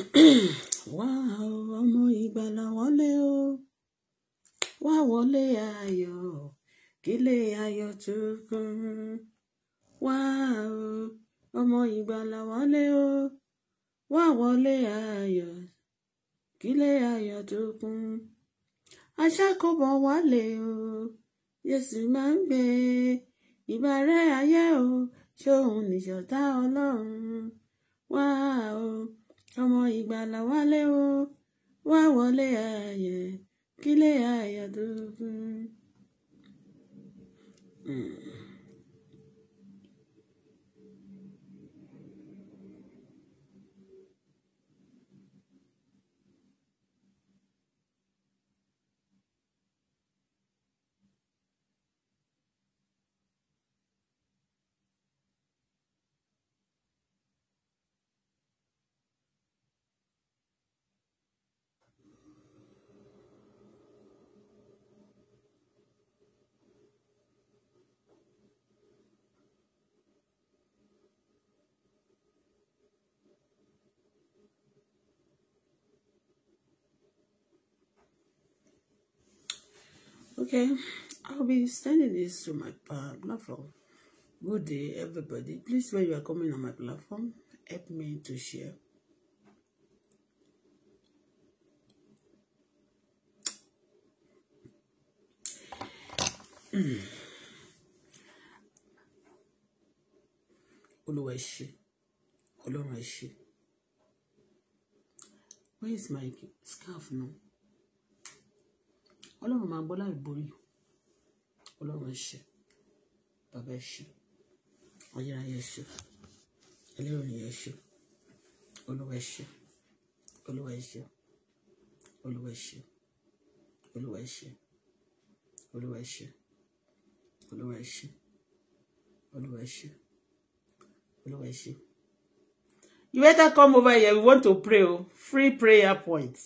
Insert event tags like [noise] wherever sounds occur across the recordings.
[clears throat] wá ọmọ ìgbàlà wọlé o wá wọlé ayọ̀ kílé ayọ̀ tuntun wá o ọmọ ìgbàlà wọlé o wá wọlé ayọ̀ kílé ayọ̀ tuntun aṣàkóbọ̀ wálé o Jésù máa ń gbé ìbárẹ́ ayé o ṣóun nìṣọ̀tá Ọlọ́run wá o. Wow. ọmọ ìgbàlà wálé o wá wọlé ayẹ kílé ayọ̀ dógún. Mm. Okay, I'll be sending this to my platform. Uh, good day, everybody. Please, when you are coming on my platform, help me to share. Hmm. Olúwa ẹ ṣé, Ọlọ́run ẹ ṣé. Where is my scarf now? ọlọ́run máa gbọ́ láì bóyú ọlọ́run ṣe bàbá ṣe ayérayé ṣe ẹlẹ́rìí ṣe olúwa ṣe olúwa ṣe olúwa ṣe olúwa ṣe olúwa ṣe olúwa ṣe olúwa ṣe olúwa ṣe. you better come over here we want to pray o free prayer points.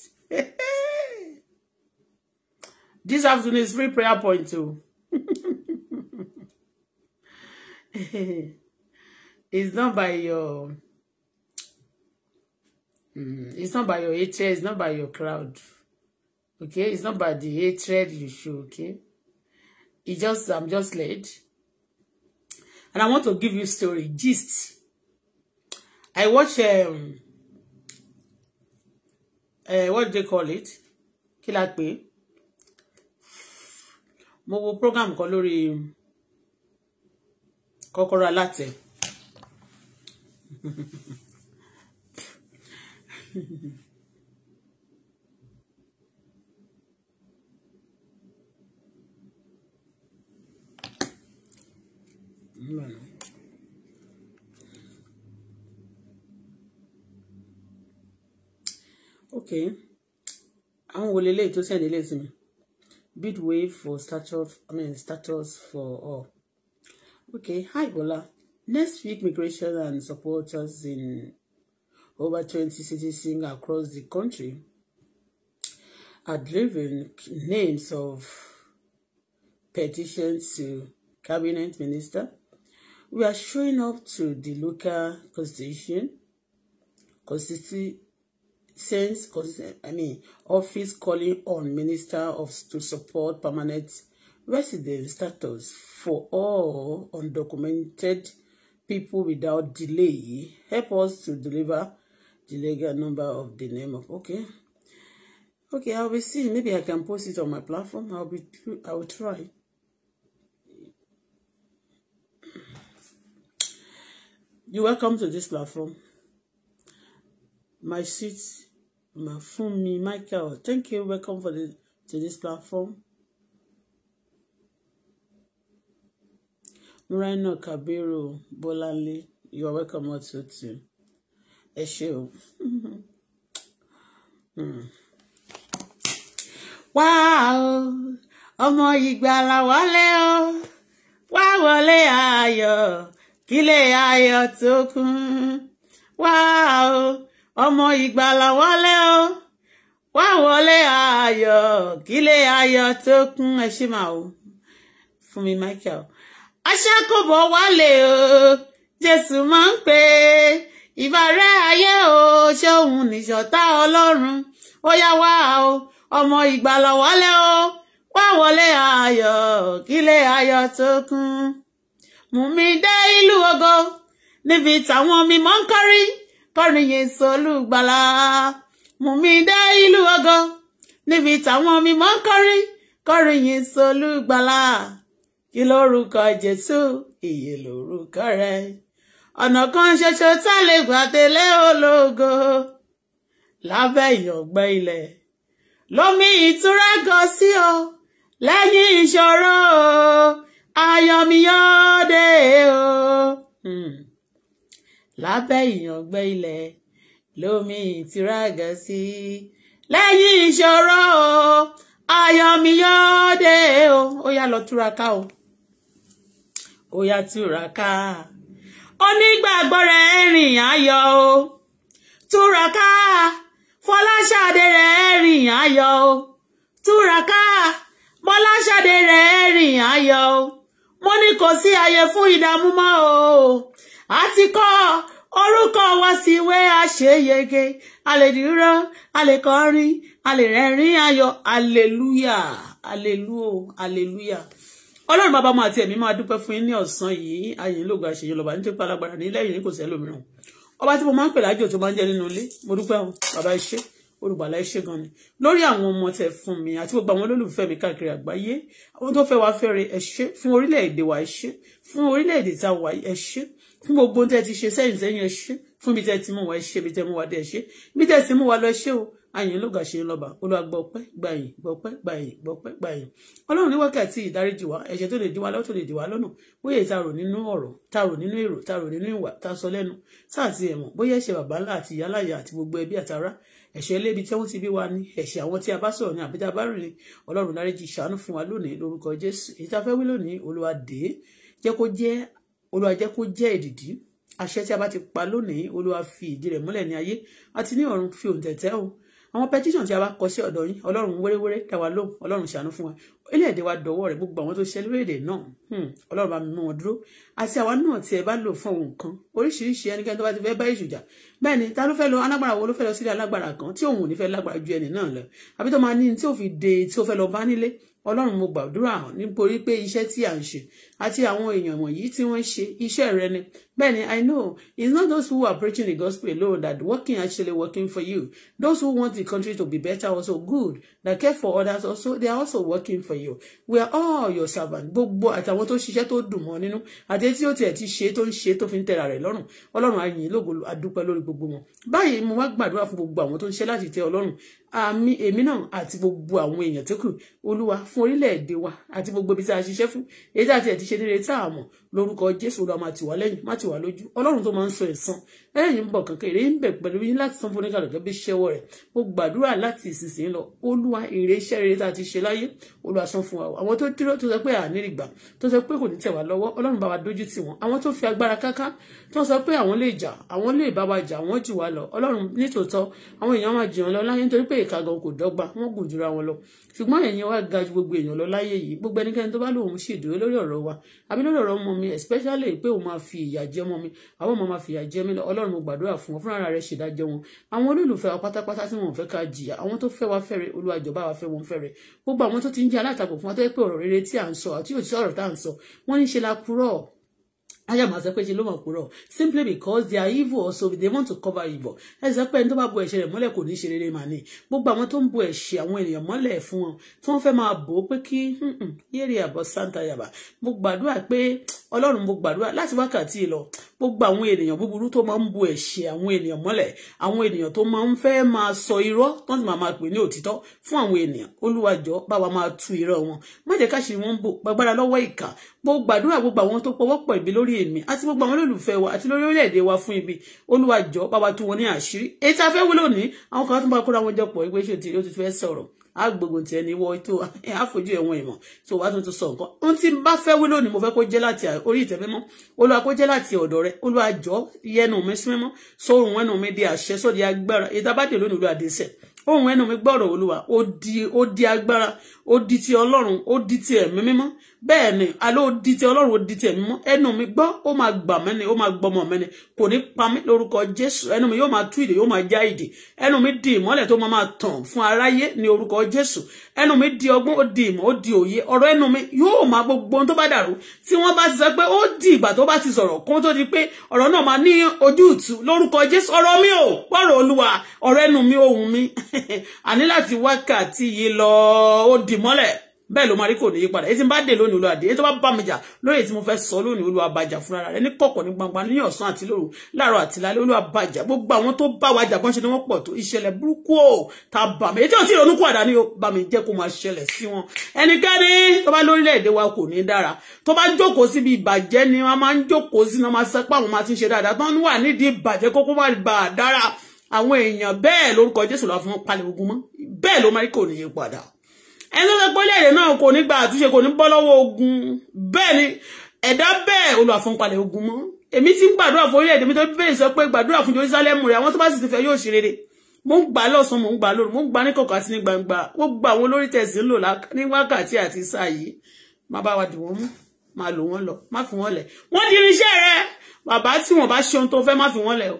This afternoon is free prayer point too. [laughs] it's not by your mm, it's not by your hatred, it's not by your crowd. Okay, it's not by the hatred you show, okay? It just I'm just late, And I want to give you story gist. I watch um uh, what do they call it? Kí mo wo program kan lórí kọ́kọ́rọ́ alátẹ Bueno. ok àwọn wo lélẹ́yìí tó sẹ́ni lẹ́sìn mi bid way for status i mean status for all okay hi Gola. next week migration and supporters in over twenty cities sing across the country are driven names of petitions to cabinet minister we are showing up to the local constitution constitution sends, I mean, office calling on Minister of to support permanent resident status for all undocumented people without delay. Help us to deliver the legal number of the name of okay. Okay, I'll be seeing. Maybe I can post it on my platform. I'll be. I will try. You welcome to this platform. My seat Mafumi Michael, thank you. Welcome for the, to this platform. Muraino Kabiru Bolali, you are welcome also to ẹ ṣé o. [laughs] Hmm. Wá o, ọmọ ìgbàlà wọlé o, wá wọlé ayọ̀, kílẹ̀ ayọ̀ tó Wow ọmọ ìgbàlà wọlé o wá wọlé ayọ̀ kílé ayọ̀ tó kún ẹ ṣì máa o fún mi Michael aṣàkóbọ̀ wálé o Jésù máa ń pè ìbárẹ́ ayé o ṣé òun nìṣọ̀tá Ọlọ́run ó yá wá o ọmọ ìgbàlà wálé o wá wọlé ayọ̀ kílé ayọ̀ tó kún mú mi dé ìlú ògo níbi táwọn mímọ́ ń kọrí kọrin yẹn sọlúgbàlà mùmí dé ìlú ògo níbi táwọn mímọ́ kọrin kọrin yẹn sọlúgbàlà kí lórúkọ jésù ìyè lórúkọ rẹ ọ̀nà kan ṣoṣo tá lè gbà délé ológo lábẹ́ ìyàngbẹ́ ilẹ̀ lómi ìtura gan sí ọ lẹ́yìn ìṣòro ayọ̀míyọ́dé o. Hmm lábẹ́ ìyàngbẹ́ ilẹ̀ lómi ìtìrágà sí lẹ́yìn ìṣòro o ayọ̀ mi o ó yá lọ túraká o ó yá túraká onígbàgbọ́ rẹ̀ rìn ayọ̀ o túraká fọláṣadé rẹ̀ rìn ayọ̀ o túraká mọláṣadé rẹ̀ rìn ayọ̀ o mo ní kò sí àyè fún ìdààmú mọ́ o a ti kọ orúkọ wa sí ìwé àṣeyege a lè dúró a lè kọrin a lè rẹ́rìn ayọ̀ aleluya aleluo aleluya ọlọ́run bàbá máa ti ẹ̀mí máa dúpẹ́ fún yín ní ọ̀sán yìí ayé lóògùn àṣeyọ lọ́ba nítorí palagbára nílẹ̀ yìí kò sẹ́lòmíràn ọba tí mo máa ń pè lájò tó máa ń jẹ́ nínú ilé mo dúpẹ́ o bàbá iṣẹ́ olùgbàlà iṣẹ́ gan ni lórí àwọn ọmọ tẹ́ fún mi àti gbogbo àwọn olólùfẹ́ mi káàkiri àgbáyé àwọn tó fẹ́ wá fẹ́re ẹ fún orílẹ̀ wa ẹ ṣé fún orílẹ̀-èdè tá a wà ẹ fún gbogbo ohun tẹ́ ti ṣe sẹ́yìn sẹ́yìn ẹ ṣe fún ibi tẹ́ ti mú wa ẹ ṣe ibi tẹ́ mú wa dẹ ṣe ibi tẹ́ ti mú wa lọ ṣe o àyìn ló gàṣe lọba olúwa gbọ́ pẹ́ gbàyìn gbọ́ pẹ́ gbàyìn gbọ́ pẹ́ gbàyìn Ọlọ́run ní wákàtí ìdáríjì wa ẹ̀ṣẹ̀ tó lè dí wa lọ́wọ́ tó lè dí wa lọ́nà bóyá ta rò nínú ọ̀rọ̀ ta rò nínú èrò ta nínú ìwà ta sọ lẹ́nu sáàtì ẹ̀mọ̀ bóyá ẹ̀ṣẹ̀ bàbá ńlá àti ìyá láyà àti gbogbo ẹbí àtàrà ẹ̀ṣẹ̀ ilé ibi tí wọ́n ti bí wa ni ẹ̀ṣẹ̀ àwọn tí a bá sọ̀rọ̀ ni àbí bá rìn ni Ọlọ́run dáríjì ṣàánú fún wa lónìí lórúkọ Jésù èyí tá a wí lónìí Olúwa dé jẹ́ kó jẹ́ olúwa jẹ́ kó jẹ́ èdìdí àṣẹ tí a bá ti pa lónìí olúwa fi ìdí rẹ̀ múlẹ̀ ní ayé àti ní ọ̀run fi òǹtẹ̀tẹ̀ o àwọn petition tí a bá kọ sí ọ̀dọ̀ yín ọlọ́run wéréwéré dá wa lóhùn ọlọ́run ṣàánú fún wa orílẹ̀-èdè wa dọ̀wọ́ rẹ̀ gbogbo àwọn tó ṣe lórílẹ̀-èdè náà hmm, ọlọ́run bá mú wọn dúró àti àwa náà tí ẹ bá lò fún òun kan oríṣiríṣi ẹnikẹ́ni tó bá ti fẹ́ bá èṣù bẹ́ẹ̀ ni ta ló fẹ́ lọ alágbára wo ló fẹ́ lọ sílé alágbára kan tí òun ò ní fẹ́ lágbára ju ẹni náà lọ àbí tó máa ní tí ò fi de tí ó fẹ́ lọ bá nílé ọlọ́run mo gbàdúrà nítorí pé iṣẹ́ tí à ń ṣe àti àwọn èèyàn wọ̀nyí tí wọ́n ṣe iṣẹ́ rẹ ni bẹ́ẹ̀ ni i know it's not those who are preaching the gospel alone that working actually working for you those who want the country to be better also good that care for others also they are also working for you we are all your servants gbogbo àtàwọn tó ṣiṣẹ́ tó dùn mọ́ nínú àti tí ó tiẹ̀ ti ṣe tó ń ṣe tó fi ń tẹ̀ra rẹ̀ lọ́rùn ọlọ́run á yìn lógo a dúpẹ́ lórí gbogbo wọn báyìí mo wá gbàdúrà fún gbogbo àwọn tó ń ṣe láti tẹ ọlọ́run àmì èmi náà àti gbogbo àwọn èèyàn tó kù olúwa fún orílẹ̀-èdè wa àti gbogbo ibi tí a ṣiṣẹ́ fún èyí tí a ti 这些的账目。lórúkọ jésù olúwa máa tì wá lẹ́yìn má tì wá lójú ọlọ́run tó máa ń sọ ẹ̀san ẹ̀yìn ń bọ̀ kankan èrè ń bẹ̀ pẹ̀lú yín láti san fúnikà lọ́gẹ́ bí ṣẹ́wọ́ rẹ̀ mo gbàdúrà láti ìsinsìnyí lọ olúwa èrè iṣẹ́ rere tá a ti ṣe láyé olúwa san fún wa o àwọn tó dúró tó sọ pé àní ìgbà tó sọ pé kò ní tẹ̀ wá lọ́wọ́ ọlọ́run bá wa dójú tì wọ́n àwọn tó fi agbára káká tó sọ pé àwọn lè jà àwọn lè bá wa jà wọ́n jù wá lọ ọlọ́run nítòótọ́ àwọn èèyàn máa jìyàn lọ láyé nítorí pé ìka gan kò dọ́gba wọ́n gùn jura wọn lọ ṣùgbọ́n èèyàn wa ga ju gbogbo èèyàn lọ láyé yìí gbogbo ẹnikẹ́ni tó bá lóun ṣèdúró lórí ọ̀rọ̀ wa àbí lórí ọ̀rọ̀ ọmọ mi especially pé òun máa fi ìyà jẹ ọmọ mi àwọn ọmọ máa fi ìyà jẹ mí lọ ọlọ́run mo gbàdúrà fún wọn fúnra rẹ̀ ṣèdájọ́ wọn àwọn olólùfẹ́ wa pátápátá tí wọn ò fẹ́ ká jìyà àwọn tó fẹ́ wa fẹ́rẹ̀ olùwàjọba wa fẹ́ wọn fẹ́rẹ̀ gbogbo àwọn tó ti ń jẹ́ alátakò fún wa tó yẹ pé ọ̀rọ̀ rere tí à ń sọ àti òtítọ́ ọ̀rọ̀ tá à ń sọ wọ́n ń ṣe la purọ́ aya ma sọ pé ṣe ló mọ̀ púrọ̀ simply because they are evil so they want to cover evil ẹ sọ pé ẹni tó bá bo ẹ̀ṣẹ̀ rẹ̀ mọ́lẹ̀ kò ní ṣe rere mà ní gbogbo àwọn tó ń bo ẹ̀ṣẹ̀ àwọn ènìyàn mọ́lẹ̀ fún wọn tí wọ́n fẹ́ máa bò ó pé kí hmm, hmm, yéèrè àbọ̀ santa yaba mo gbàdúrà pé ọlọ́run mo gbàdúrà láti wákàtí lọ gbogbo àwọn ènìyàn búburú tó máa ń bu ẹ̀ṣẹ̀ àwọn ènìyàn mọ́lẹ̀ àwọn ènìyàn tó máa ń fẹ́ máa sọ irọ́ tó sì máa máa pè ní òtítọ́ fún àwọn ènìyàn olúwàjọ bá wa máa tú irọ́ wọn má jẹ́ káṣírí wọn bò gbàgbára lọ́wọ́ ìkà gbogbo àdúrà gbogbo àwọn tó pọwọ́pọ̀ ibi lórí èmi àti gbogbo àwọn olólùfẹ́ wa àti lórí orílẹ̀-èdè wa fún ibi olúwàjọ bá wa tú wọn ní àṣírí èyí tí a fẹ́ wúlò ní àwọn kan tó máa kóra wọn jọpọ̀ ẹgbẹ́ ṣètì ó ti fẹ́ sọ̀rọ̀ á gbógun tiẹ̀ ní wọ tó á fojú ẹ̀wọ̀n ìmọ̀ tó wàá tún tún sọ nǹkan ohun tí n bá fẹ́ wí lónìí mo fẹ́ kó jẹ́ láti orí ìtẹ́ mímọ́ olúwa kó jẹ́ láti ọ̀dọ̀ rẹ olúwa jọ yẹnu mi sí mímọ́ sóhun ẹnu mi di àṣẹ sódi agbára ìta bá dè lónìí olúwa dé sẹ́ ohun ẹnu mi gbọ́rọ̀ olúwa ó di agbára ó di ti ọlọ́run ó di ti ẹ̀mí mímọ́ bẹ́ẹ̀ ni alẹ́ ó di ti ọlọ́run ó di ti ẹ̀mí mímọ́ ẹnu mi gbọ́ ó máa gbà mí ni ó máa gbọmọ mi kò ní pa mí lórúkọ jésù ẹnu mi yóò máa tú ìdè yóò máa já ìdè ẹnu mi di ìmọ́lẹ̀ tó máa máa tàn fún aráyé ní orúkọ jésù ẹnu mi di ọgbọ́n ó di ìmọ̀ ó di òye ọ̀rọ̀ ẹnu mi yóò máa gbogbo ohun tó bá dàrú tí wọ́n bá ti sọ pé di ìgbà tó bá ti sọ̀rọ̀ kó tó di pé ọ̀rọ̀ náà máa ní ojútùú lórúkọ jésù ọ̀rọ̀ mi ò pọ̀rọ̀ olúwa ọ̀rọ̀ ẹnu mi [laughs] ó di dì mọ́lẹ̀ bẹ́ẹ̀ ló máa rí kò ní yípadà èyí tí n bá dè lónìí olùwàdì èyí tó bá bá mi jà lórí èyí tí mo fẹ́ sọ lónìí olùwàbàjà fúnra rẹ̀ ní kọ̀kọ̀ ní gbangba ní ọ̀sán àti lóru láàárọ̀ àti lálẹ́ olùwàbàjà gbogbo àwọn tó bá wa jà bọ́n ṣe ni wọ́n pọ̀ tó ìṣẹ̀lẹ̀ burúkú ò ta bà mí èyí tí ò tí ronú kúwàdà ni ó bà mí jẹ́ kó máa ṣẹlẹ̀ sí wọn ẹnikẹ́ni tó bá wa kò ní dára ni wọ́n máa ń jókòó sí ni wọ́n máa àwọn èèyàn bẹ́ẹ̀ lórúkọ Jésù lọ́wọ́ fún palẹ̀ ogun mọ́ bẹ́ẹ̀ ló máa rí kò ní padà ẹni tó sọ pé orílẹ̀-èdè náà kò ní gba àtúnṣe kò ní bọ́ lọ́wọ́ ogun bẹ́ẹ̀ ni ẹ̀dá bẹ́ẹ̀ olùwàfọ̀npalẹ̀ ogun mọ́ èmi ti ń gbàdúrà fún orílẹ̀-èdè mi tó bẹ́ẹ̀ sọ pé gbàdúrà fún Jerusalem rẹ̀ àwọn tó bá sì ti fẹ́ yóò ṣe rere mo ń gbà lọ́sàn mo ń gbà lóru mo ń gbà ní kọ̀ọ̀kan àti ní gbangba ó gba àwọn olórí tẹ̀sí ń lò ní wákàtí àti sáà yìí má bá wa dì wọ́n mú má lò wọ́n lọ má fi wọ́n lẹ̀ wọ́n di irinṣẹ́ rẹ bàbá tí wọ́n bá ṣe ohun tó fẹ́ má fi wọ́n lẹ̀ o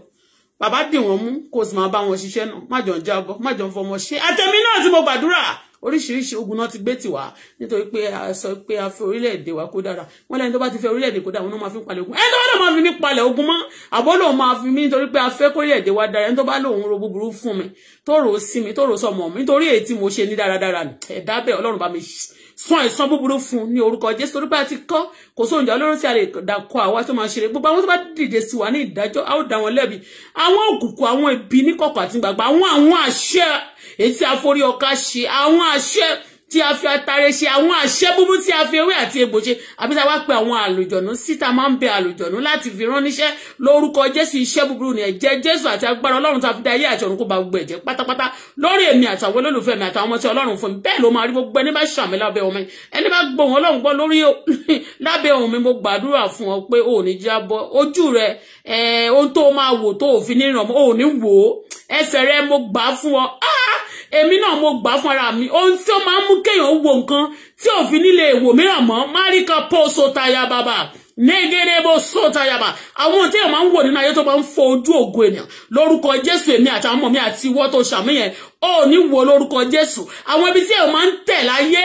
bàbá dì wọ́n mú kó o sì máa bá wọn ṣiṣẹ́ náà má jọ jábọ́ má jọ fọmọ ṣe àtẹ̀mí náà tí mo gbàdúrà oríṣiríṣi ogun náà ti gbé tiwa nítorí pé a sọ pé a fẹ́ orílẹ̀-èdè wa kó dára wọ́n lẹ́ni tó bá ti fẹ́ orílẹ̀-èdè kó dára wọn máa fi ń palẹ̀ ogun ẹni tó bá lọ máa fi mí palẹ̀ ogun mọ́ àbọ̀ lòun máa fi mí nítorí pé a fẹ́ kó orílẹ̀-èdè wa dára ẹni tó bá lòun ro búburú fún mi tó rò sí mi tó rò sọmọ mi nítorí èyí tí mo ṣe ní dáradára ẹ̀dá bẹ́ẹ̀ ọlọ́run bá mi fún àìsàn búburú fún ní orúkọ jésù torí pé a ti kọ́ kò sóhun ìjà olóró tí a lè dàkọ àwa tó máa ṣeré gbogbo àwọn tó bá dìde sí wa ní ìdájọ́ a ó dá wọn lẹ́bi àwọn òkùnkùn àwọn ibi níkọ̀kọ̀ àti gbàgbà àwọn àwọn àṣẹ èyí tí a forí ọ̀ka ṣe àwọn àṣẹ tí a fi atare ṣe àwọn àṣẹ búbú tí a fi ewé àti egbò ṣe àbí a wá pe àwọn àlùjọ̀nú síta máa ń bẹ àlùjọ̀nú láti fi ránníṣẹ́ lórúkọ jésù iṣẹ́ búburú ni ẹ̀jẹ̀ jésù àti agbára ọlọ́run tó a fi dá ayé àti ọ̀run kó ba gbogbo ẹ̀jẹ̀ pátápátá lórí èmi àtàwọn olólùfẹ́ mi àtàwọn ọmọ tí ọlọ́run fún mi bẹ́ẹ̀ ló máa rí gbogbo ẹni bá ṣàmì lábẹ́ ọmọ ẹni bá gbóhùn ọlọ́run gbọ́ lórí [laughs] lábẹ́ ohùn mi mo eh, ẹsẹ̀ rẹ mo gbà fún ọ ah èmi náà mo gbà fún ara mi ohun tí ó máa ń mú kéèyàn wo nǹkan tí òfin nílé èwò mìíràn mọ́ máríkà pọ́ọ̀sọ taya bàbà négédébó sọ taya bàbà àwọn tí èèyàn máa ń wò nínú ayé tó máa ń fọ ojú ògo ènìyàn lórúkọ jésù èmi àti àwọn ọmọ mi àti ìwọ tó ṣàmìyàn ó ní wo lórúkọ jésù àwọn ibi tí èèyàn máa ń tẹ̀ láyé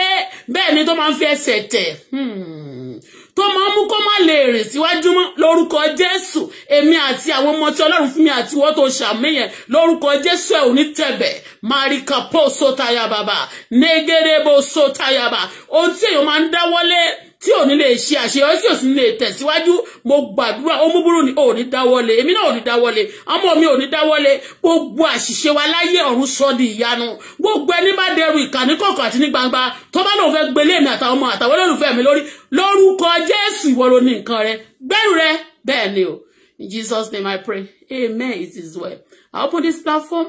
bẹ́ẹ̀ ni tó máa ń fi ẹsẹ̀ tẹ̀ hmm tó máa ń mú kó má lè rìn síwájú mọ́ lórúkọ jésù èmi àti àwọn ọmọ tí ọlọ́run fún mi àti ìwọ tó ṣàmìyàn lórúkọ jésù ẹ̀ ò ní tẹ̀bẹ̀ marika po sotayababa negerebo sotayaba ohun tí èèyàn máa ń dáwọ́lé tí ò ní lè ṣe àṣeyọrí tí ò sì ní lè tẹ̀síwájú mo gbàdúrà ó mú búrú ni ò ní dáwọ́lé èmi náà ò ní dáwọ́lé ọmọ mi ò ní dáwọ́lé gbogbo àṣìṣe wa láyé ọ̀run sọ di ìyanu gbogbo ẹni bá dẹrù ìkànnì kọ̀ọ̀kan àti ní gbangba tó bá lóun fẹ́ gbélé mi àtàwọn ọmọ àtàwọn olólùfẹ́ mi lórí lórúkọ Jésù ìwọ ní nǹkan rẹ gbẹ́rù rẹ bẹ́ẹ̀ ni o in Jesus name I pray amen it is well I open this platform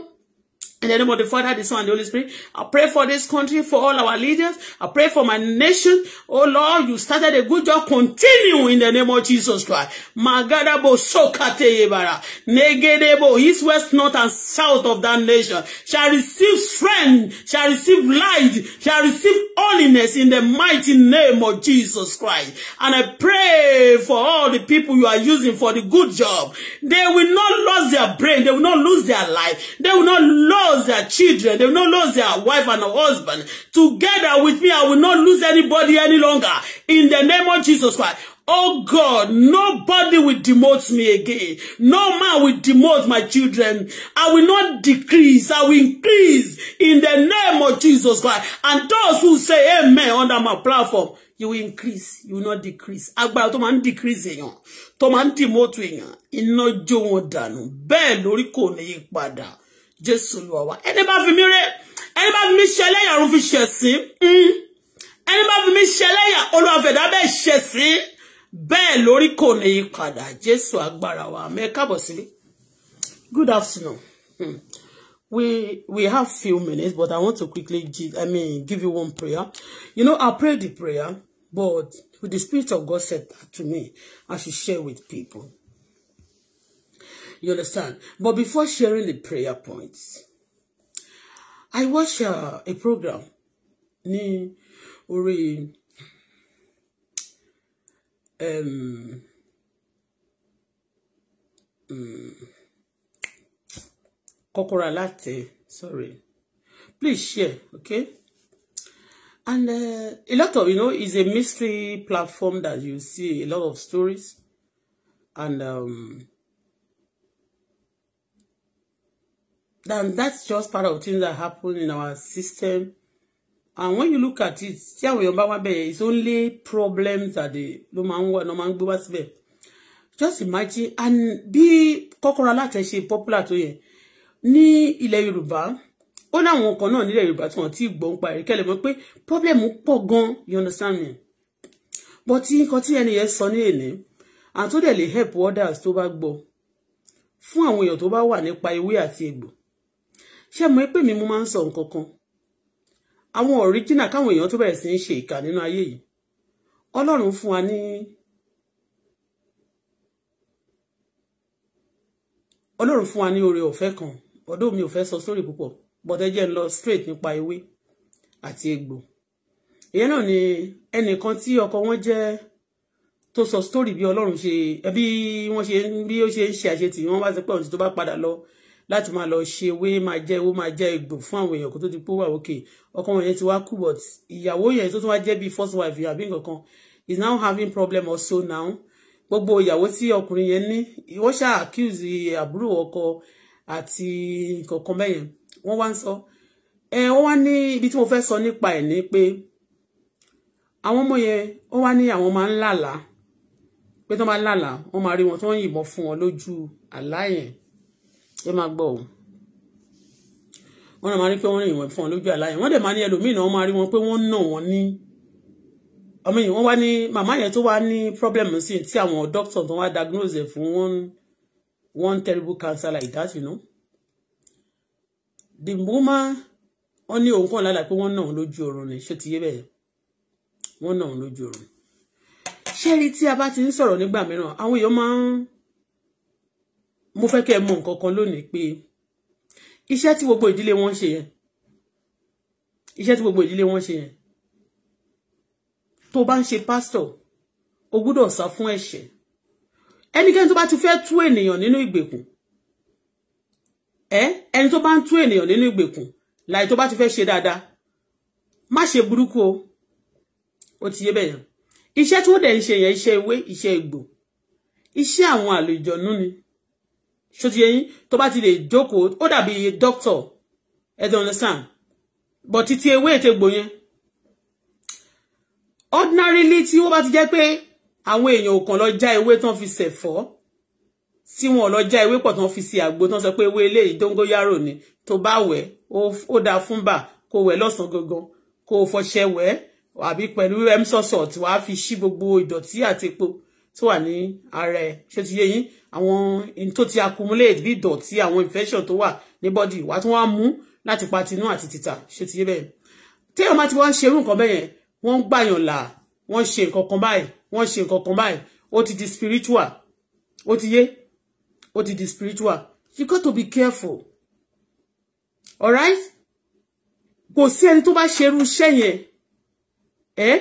In the name of the Father, the Son, and the Holy Spirit, I pray for this country, for all our leaders. I pray for my nation. Oh Lord, you started a good job. Continue in the name of Jesus Christ. Magadabo sokate yebara. Negedebo, east, west, north, and south of that nation shall receive strength, shall receive light, shall receive holiness in the mighty name of Jesus Christ. And I pray for all the people you are using for the good job. They will not lose their brain. They will not lose their life. They will not lose lose their children. They will not lose their wife and her husband. Together with me, I will not lose anybody any longer. In the name of Jesus Christ. Oh God, nobody will demote me again. No man will demote my children. I will not decrease. I will increase in the name of Jesus Christ. And those who say amen under my platform, you will increase. You will not decrease. Agbára tó máa ń decrease èèyàn. Tó máa ń demote èèyàn. Iná jó wọn dànù. Bẹ́ẹ̀ lórí kò ní í padà jésù lùwà wá ẹni bá fi mí rẹ ẹni bá fi mí ṣe ẹlẹ́yà ọ̀run fi ṣẹ̀ sí hmm. ẹni bá fi mí ṣe ẹlẹ́yà olúwa fẹ̀dá bẹ́ẹ̀ ṣẹ̀ sí bẹ́ẹ̀ lórí kò ní í padà jésù agbára wa mẹ́ káàbọ̀ sílé good afternoon mm. we we have few minutes but i want to quickly give, i mean give you one prayer you know i prayed the prayer but the spirit of god said that to me i should share with people You understand? But before sharing the prayer points, I watch uh, a program ní uri, um, um, Kokora Latte, sorry. Please share, okay? And uh, a lot of, you know, it's a mystery platform that you see a lot of stories. And um, then that's just part of things that happen in our system and when you look at it tí àwọn èèyàn bá it's only problems that the no man ń wà ló máa ń gbé just imagine and bí kọ́kọ́rọ́ alátẹ̀ṣe popular tó ni ní ilẹ̀ Yorùbá ó láwọn kan náà nílẹ̀ Yorùbá tí wọ́n ti gbọ́ pa ẹ̀rí kẹlẹ̀ mọ́ pé problem pọ̀ gan you understand me but nǹkan continue ẹni yẹn sọ ní and tó dẹ̀ help others tó bá gbọ́ fún àwọn èèyàn tó bá wà nípa ewé àti egbò ṣé mo pè mí mo máa ń sọ nǹkan kan àwọn original káwọn èèyàn tó bẹ̀rẹ̀ sí ń ṣe ìkà nínú ayé yìí ọlọ́run fún wa ní ọlọ́run fún wa ní oore ọ̀fẹ́ kan ọ̀dọ́ mi ò fẹ́ sọ sórí púpọ̀ bọ́tẹ́ jẹ́ ń lọ straight nípa ewé àti egbò ìyẹn náà ni ẹnìkan tí ọkọ wọn jẹ́ tó sọ story bí ọlọ́run ṣe bí wọ́n ṣe bí ó ṣe ń ṣe àṣetì wọ́n wá sí pé òun tó bá padà lọ láti máa lọ ṣe ewé máa jẹ ewé máa jẹ egbò fún àwọn èèyàn kó tó di pé ó wà òkè ọkọ wọn yẹn ti wá kú but ìyàwó yẹn tó tún wá jẹ́ bí first wife àbí nǹkan kan is now having problem also now gbogbo ìyàwó tí ọkùnrin yẹn ní wọ́n ṣáà accuse àbúrò ọkọ àti nǹkan kan bẹ́yẹn wọ́n wá ń sọ ẹ wọ́n wá ní ibi tí mo fẹ́ sọ nípa ẹ̀ ní pé àwọn ọmọ yẹn wọ́n wá ní àwọn máa ń lálàá pé tó máa ń lálàá wọ́n máa rí wọn tó ń yìnbọn fún wọn lójú àlá yẹn ẹ máa gbọ́ o wọ́n máa rí pé wọ́n rìn ìwọ̀n fún ọ lójú àlá yẹn wọ́n dẹ̀ máa ní ẹlòmíì náà wọ́n máa rí wọn pé wọ́n nà wọ́n ní ọmọ yìí wọ́n wá ní màmá yẹn tó wá ní problem sí tí àwọn doctor tó wá diagnose ẹ̀ fún one one terrible cancer like that you know the woman wọ́n ní òun kàn lálàá pé wọ́n nà wọ́n lójú oorun ni ṣé ti yé bẹ́ẹ̀ wọ́n nà wọ́n lójú oorun ṣé rí tí a bá ti ń sọ̀rọ̀ nígbà mìíràn àwọn èèyàn máa ń mo fẹ́ kẹ́ ẹ mọ nǹkan kan lónìí pé iṣẹ́ tí gbogbo ìdílé wọn ṣe yẹn iṣẹ́ tí gbogbo ìdílé wọn ṣe yẹn tó bá ń ṣe pásítọ̀ o gbúdọ̀ sá fún ẹ̀ṣẹ̀ ẹnikẹ́ni tó bá ti fẹ́ tú ènìyàn nínú ìgbèkùn ẹ ẹni tó bá ń tú ènìyàn nínú ìgbèkùn láì tó bá ti fẹ́ ṣe dáadáa má ṣe burúkú o ó ti yé bẹ̀yàn iṣẹ́ tí wọ́n dẹ̀ ń ṣe yẹn iṣẹ́ ewé iṣẹ́ egbò iṣẹ́ àwọn àlò ìjọ̀nú ni ṣó ti yé yín tó bá ti lè jókòó ó dàbí doctor ẹ ti understand but títí ewé ètègbò yẹn ordinarily tí wọ́n bá ti jẹ́ pé àwọn èèyàn ò kàn lọ já ewé tán fi ṣẹ̀fọ́ tí wọn lọ já ewé pọ̀ tán fi ṣe àgbo tán sọ pé ewé eléyìí dóngóyàrò ni tó bá wẹ̀ ó dáa fún bà kó wẹ̀ lọ́sàn gangan kó o fọṣẹ wẹ̀ àbí pẹ̀lú msọ̀sọ̀ tí wàá fi ṣí gbogbo ìdọ̀tí àti epo tó wà ní ara ti yé àwọn in tó ti accumulate bí ìdọ̀tí àwọn infection tó wà ní body wà tún wá mú láti pa tinú àti títà ṣé ti yé bẹ́ẹ̀ téèyàn bá ti wá ń ṣerú nǹkan bẹ́ẹ̀ yẹn wọ́n ń gbàyàn là wọ́n ṣe nǹkan kan báyìí wọ́n ṣe nǹkan kan báyìí ó ti di spiritual ó ti yé ó ti di spiritual you got to be careful alright kò sí ẹni tó bá ṣerú iṣẹ́ yẹn ẹ́ eh?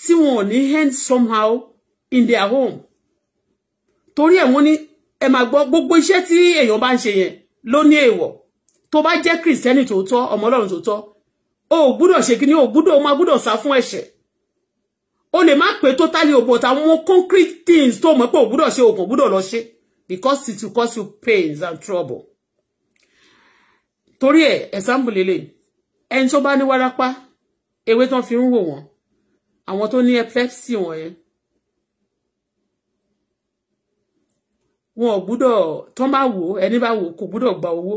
tí wọn ò ní hand somehow in their home torí ẹ̀ wọ́n ní ẹ máa gbọ́ gbogbo iṣẹ́ tí èèyàn bá ń ṣe yẹn ló ní èèwọ̀ tó bá jẹ́ kìrìsìtẹ́nì tòótọ́ ọmọ ọlọ́run tòótọ́ o ò gbúdọ̀ ṣe kíní o gbúdọ̀ o máa gbúdọ̀ sá fún ẹ̀ṣẹ̀ o lè má pé totally o but àwọn concrete things tó mọ̀ pé o gbúdọ̀ ṣe oògùn gbúdọ̀ lọ ṣe because it will cause you pains and trouble torí ẹ̀ example lele ẹni tó bá ní wárápá ewé tán fi ń wò wọ́n àwọn tó ní epilepsy wọ̀nyẹn wọn ò gbúdọ̀ tán bá wò ẹni bá wò kò gba owó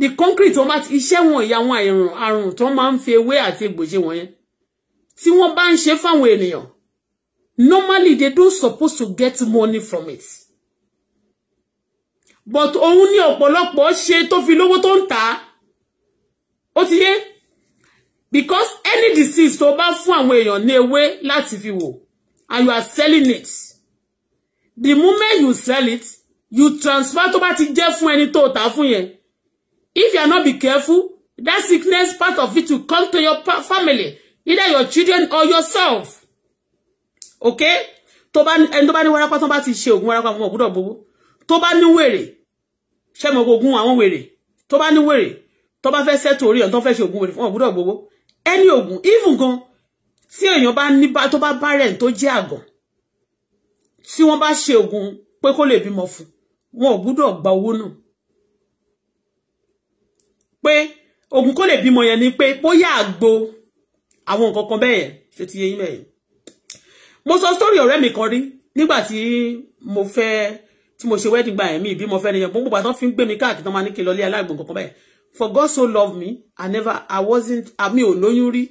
the concrete wọn bá ti iṣẹ́ wọn ìyá wọn àrùn àrùn tó máa ń fi ewé àti egbòje wọn yẹn tí wọ́n bá ń ṣe normally they don't supposed to get money from it but òun ní ọ̀pọ̀lọpọ̀ ṣe tó fi lówó tó ń tà ti yé because any disease to bá fún àwọn èèyàn ní ewé láti fi wò and you are selling it the moment you sell it you transfer to bá ti jẹ́ fún ẹni tó tà fún if you are not be careful that sickness part of it will come to your family either your children or yourself okay tó bá ẹni tó bá ní wárápá tó bá ti ṣe oògùn wárápá wọn ò gbúdọ̀ gbowó tó bá ní wèrè ṣe mọ̀ oògùn àwọn wèrè tó bá ní wèrè tó bá fẹ́ sẹ́tò orí ọ̀n tó fẹ́ ṣe oògùn wèrè fún wọn ò gbúdọ̀ gbowó even gan tí èèyàn bá ní tó bá bá rẹ̀ tó jẹ́ àgàn tí wọ́n bá ṣe oògùn pé kó lè bímọ fún wọn ò gbúdọ̀ gba owó náà pé oògùn kó lè bímọ yẹn ni pe, bóyá àgbo àwọn nǹkan kan bẹ́ẹ̀ yẹn ṣe ti yẹyin bẹ́ẹ̀ yẹn mo sọ sórí ọ̀rẹ́ mi kan rí nígbà mo fẹ́ tí mo ṣe wedding gba ẹ̀mí ìbí mo fẹ́ nìyẹn gbogbo àtọ́ fi ń gbé mi káàkiri tán máa ní kí n lọ lé aláìgbọ̀n kankan bẹ́ẹ̀ for God so love me I never I wasn't àmì ò lóyún rí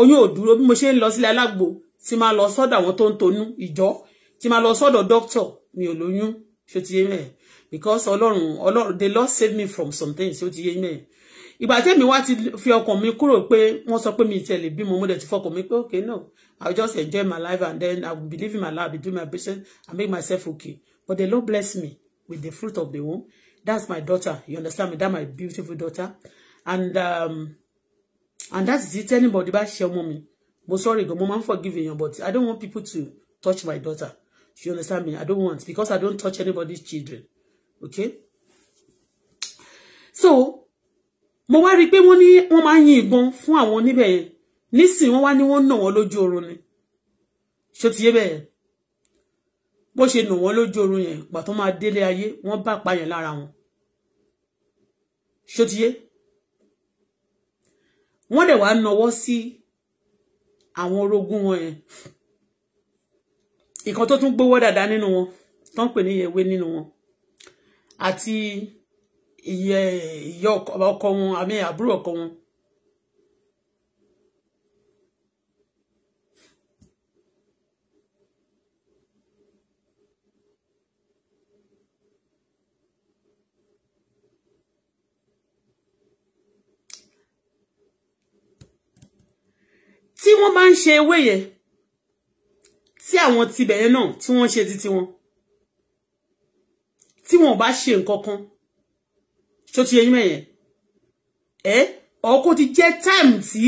oyún ò dúró bí mo ṣe ń lọ sílẹ̀ alágbo tí máa lọ sọ́dọ̀ àwọn tó ń tonú ìjọ tí máa lọ sọ́dọ̀ doctor mi ò lóyún ṣó ti yé because ọlọ́run ọlọ́run the Lord save me from something, so ṣó ti yé mẹ́ẹ̀ ìgbà tẹ́mi wá ti fi ọkàn mi kúrò pé wọ́n sọ pé mi ì tẹ̀lé bímọ mo dẹ̀ ti fọkàn mi pé okay no I just enjoy my life and then I will believe in my life I do my business and make myself okay but the Lord bless me with the fruit of the womb that's my daughter you understand me that's my beautiful daughter and um, and that's it anybody bá ṣe ọmọ mi mo sorry gan mo máa ń forgive èèyàn but I don't want people to touch my daughter Do you understand me? I don't want because I don't touch anybody's children. Okay? So, mo wa rí i pé wọ́n ní wọ́n máa ń yin ìbọn fún àwọn níbẹ̀ yẹn nísìn wọ́n wá ní wọ́n nà wọ́n lójú oorun ni ṣó ti yé bẹ́ẹ̀ bó ṣe nà wọ́n lójú oorun yẹn ìgbà tó máa délé ayé wọ́n bá pààyàn lára wọn ṣó ti yé wọ́n dẹ̀ wá nawọ́ sí àwọn orogún wọn yẹn ìkan tó tún gbowó dáadáa nínú wọn tó ń pè ní ìyẹwé nínú wọn àti ìyẹ ìyẹ ọkọ wọn àmì àbúrò ọkọ wọn. tí wọ́n bá ń ṣe ewé yẹn tí àwọn tibẹ̀ yẹn náà tí wọ́n ṣe ti tiwọn tí wọn ò bá ṣe nǹkan kan tó ti yẹyún ẹ̀yẹn ẹ ọkọ ti jẹ́ time tí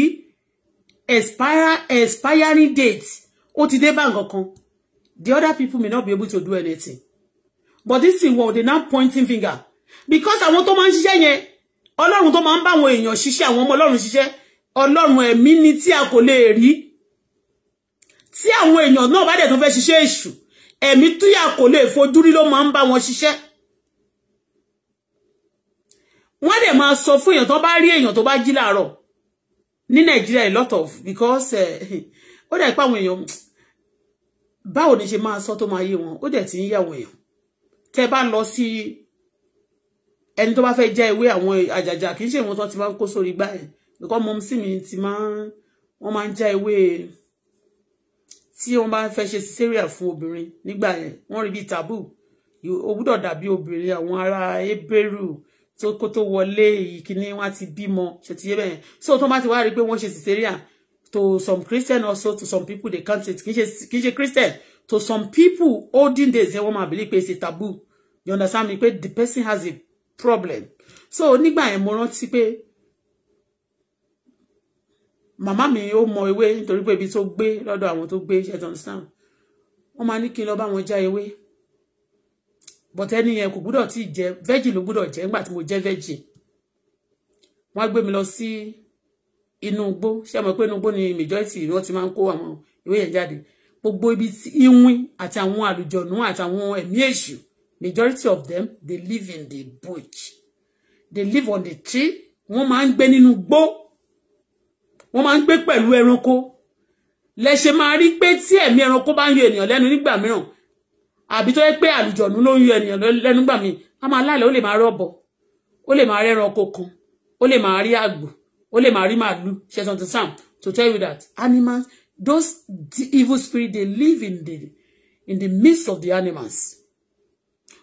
expiring date ó ti dé bá nǹkan kan the other people may not be able to do anything but this thing wọ́n dey now pointing finger because àwọn tó máa ń ṣiṣẹ́ yẹn ọlọ́run tó máa ń bá àwọn èèyàn ṣiṣẹ́ àwọn ọmọ ọlọ́run ṣiṣẹ́ ọlọ́run ẹ̀mí ni tí a kò lè rí tí àwọn èèyàn náà bá dẹ̀ tó fẹ́ ṣiṣẹ́ èṣù ẹ̀mí tíyà kò lè fojú rí ló máa ń bá wọn ṣiṣẹ́ wọ́n dẹ̀ máa sọ fún èèyàn tó bá rí èèyàn tó bá jí láàárọ̀ ní nàìjíríà a lot of because eh, [laughs] ó dẹ̀ pa àwọn èèyàn báwo ni ṣe máa sọ tó máa yé wọn ó dẹ̀ ti ń yà àwọn èèyàn tẹ́ bá lọ sí ẹni tó bá fẹ́ jẹ́ ìwé àwọn àjàjà kì í ṣe ìwọ̀n tó ti máa ń kó sórí gbá ẹ̀ nǹkan mọ́mísì mi ti máa wọ́n máa ń já ewé tí wọ́n bá ń fẹ́ ṣe cesarean fún obìnrin nígbà yẹn wọ́n rí bíi taboo ó gbúdọ̀ dàbí obìnrin àwọn ará ebéèrú tó kó tó wọlé ti bímọ ṣe ti yé so tó bá ti wá rí i pé wọ́n ṣe to some christian also to some people they can't say kì í ṣe christian to some people olden days wọ́n máa believe pé it's a taboo you understand me pé the person has a problem so nígbà yẹn mo rántí pé màmá mi ó mọ ewé nítorí pé ibi tó gbé lọ́dọ̀ àwọn tó gbé ṣẹ̀tàn sàn wọ́n máa ní kí n lọ bá wọn já ewé but ẹni yẹn kò gbúdọ̀ tí ì jẹ vẹ́jì ló gbúdọ̀ jẹ nígbà tí mo jẹ́ vẹ́jì wọ́n gbé mi lọ sí inú igbó ṣé mọ̀ pé inú igbó ni majority ni wọ́n ti máa ń kó àwọn ewé yẹn jáde gbogbo ibi tí iwin àti àwọn àlùjọ̀nù àti àwọn ẹ̀mí èṣù majority of them they live in the bush they live on the tree wọ́n máa ń gbé nínú igbó wọ́n máa ń gbé pẹ̀lú ẹranko lẹ ṣe máa rí pé tí ẹ̀mí ẹranko bá ń yọ ènìyàn lẹ́nu nígbà mìíràn àbí tó yẹ pé àlùjọ̀nú ló ń yọ ènìyàn lẹ́nu nígbà míì a máa láàlẹ́ ó lè máa rọ̀bọ̀ ó lè máa rẹ́ran kankan ó lè máa rí àgbò ó lè máa rí màálù ṣẹ̀sán to sam to tell you that animals those evil spirits, they live in the in the midst of the animals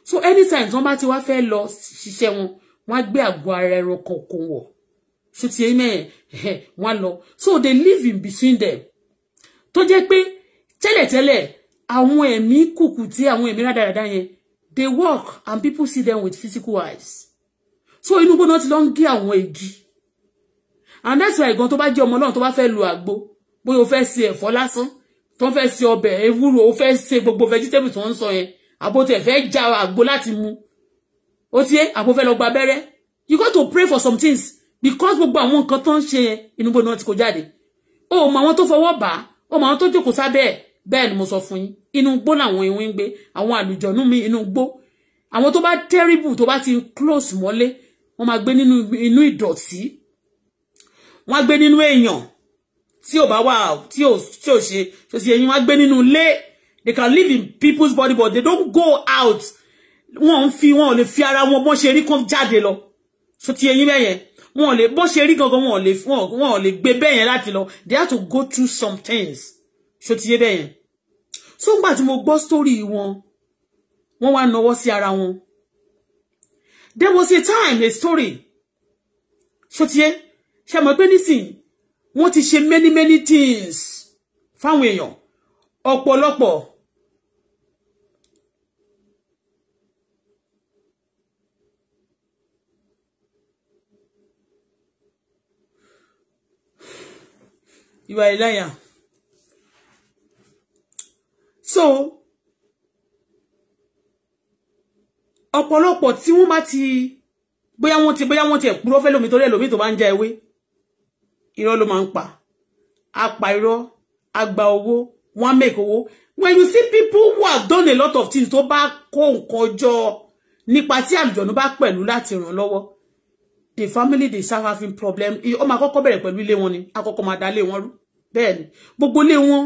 so anytime tí wọ́n bá ti wá fẹ́ lọ ṣiṣẹ́ wọn wọ́n á gbé àgọ́ ara ẹran kọ̀ọ̀kan wọ̀ ṣó ti ẹ̀yìn mẹ́ẹ̀ wọ́n lọ so they live in between them tó jẹ́ pé tẹ́lẹ̀tẹ́lẹ̀ àwọn ẹ̀mí kùkù tí àwọn ẹ̀mí rádaràdá yẹn they walk and people see them with physical eyes so inú gbóná not long, ń gé àwọn igi and that's why gan tó bá jẹ́ ọmọ náà tó bá fẹ́ lu àgbo bóyá o fẹ́ ṣe ẹ̀fọ́ lásán tó ń fẹ́ ṣe ọbẹ̀ ewúro o fẹ́ ṣe gbogbo vegetable tó ń sọ yẹn àbótẹ̀ fẹ́ já àgbo láti mu ó tiẹ̀ àbó fẹ́ lọ gba abẹ́rẹ́ you got to pray for some things because gbogbo àwọn nǹkan tó ń ṣe inú gbogbo náà ti kó jáde ó mọ àwọn tó fọwọ́ bá ó mọ àwọn tó jókòó sábẹ́ ẹ̀ bẹ́ẹ̀ ni mo sọ fún yín inú gbó làwọn ìwé ń gbé àwọn àlùjọ̀nú mi inú gbó àwọn tó bá terrible tó bá ti close mọ́lé wọ́n máa gbé nínú inú ìdọ̀tí wọ́n á gbé nínú èèyàn tí ò bá wà tí ò tí ò ṣe tó ṣe eyín wọ́n á gbé nínú ilé they can live in people's body but they don't go out wọ́n ń fi wọn ò lè fi ara wọn bọ́n ṣe rí kan jáde lọ tó ti eyín bẹ́yẹn wọn le, bó ṣe rí gangan wọn le, wọn lè gbé bẹ́ẹ̀ yẹn láti lọ they have to go through some things ṣó ti yé bẹ́ẹ̀ so ńgbà tí mo gbọ́ story wọn wọ́n wá nawọ́ sí ara wọn there was a time a story ṣó ti yé ṣe mọ̀ pé nísìnyí wọ́n ti ṣe many many things fáwọn èèyàn ọ̀pọ̀lọpọ̀ You are a liar. So, ọ̀pọ̀lọpọ̀ tí wọ́n bá ti bóyá wọ́n ti bóyá wọ́n ti ẹ̀pùrọ́ fẹ́ lómi torí ẹlòmí tó bá ń já ewé irọ́ ló máa ń pa apà irọ́ agba owó wọ́n make owó when you see people who have done a lot of things tó bá kó nǹkan jọ nípa tí àlùjọ̀nù bá pẹ̀lú láti ràn lọ́wọ́ the family dey start having problem ó máa kọ́kọ́ bẹ̀rẹ̀ pẹ̀lú ilé wọn ni àkọ́kọ́ máa dá ilé wọn rú bẹ́ẹ̀ ni gbogbo ilé wọn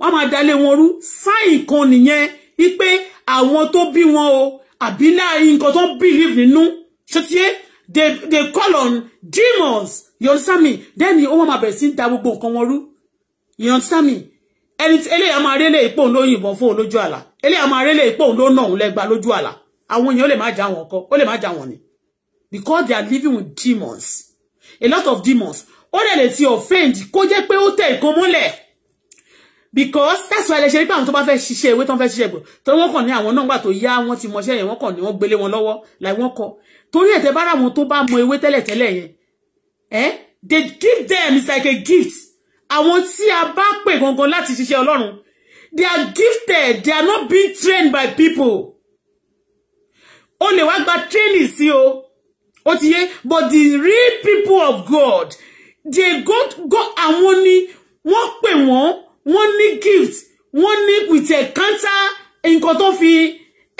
wọ́n máa dalé wọn rú sáìn kan nìyẹn wípé àwọn tó bí wọn o àbí láàyè nǹkan tó believe nínú ṣètìyẹ they they call on demons you understand me then ó wọ́n máa bẹ̀rẹ̀ sí da gbogbo nǹkan wọn rú you understand me ẹni tí eléyà máa rélé ìpò òun ló yìnbọn fóun lójú àlà eléyà máa rélé ìpò òun ló nà òun lẹ́gba lójú àlà àwọn èèyàn ó lè má já wọn kọ ó lè má já wọn ni because they are living with demons a lot of demons ó dẹ̀ lè ti offend kó jẹ́ pé ó tẹ̀ nǹkan mọ́lẹ̀ because that's why lè ṣe rí pé àwọn tó bá fẹ́ ṣiṣẹ́ ìwé tó ń fẹ́ ṣiṣẹ́ gbò tó wọ́n kàn ní àwọn nọ́mbà tó yá wọ́n ti mọṣẹ́ yẹn wọ́n kàn ní wọ́n gbélé wọn lọ́wọ́ láì wọ́n kọ torí ẹ̀tẹ́ bá ràwọn tó bá mọ ewé tẹ́lẹ̀ tẹ́lẹ̀ yẹn eh they give them is like a gift àwọn tí a bá pè gangan láti ṣiṣẹ́ Ọlọ́run they are gifted they are not being trained by people o lè wá gba training sí o ó ti yé but the real people of God they go go àwọn ni wọ́n pè wọ́n wọ́n ní gift wọ́n ní with a counter nǹkan tó fi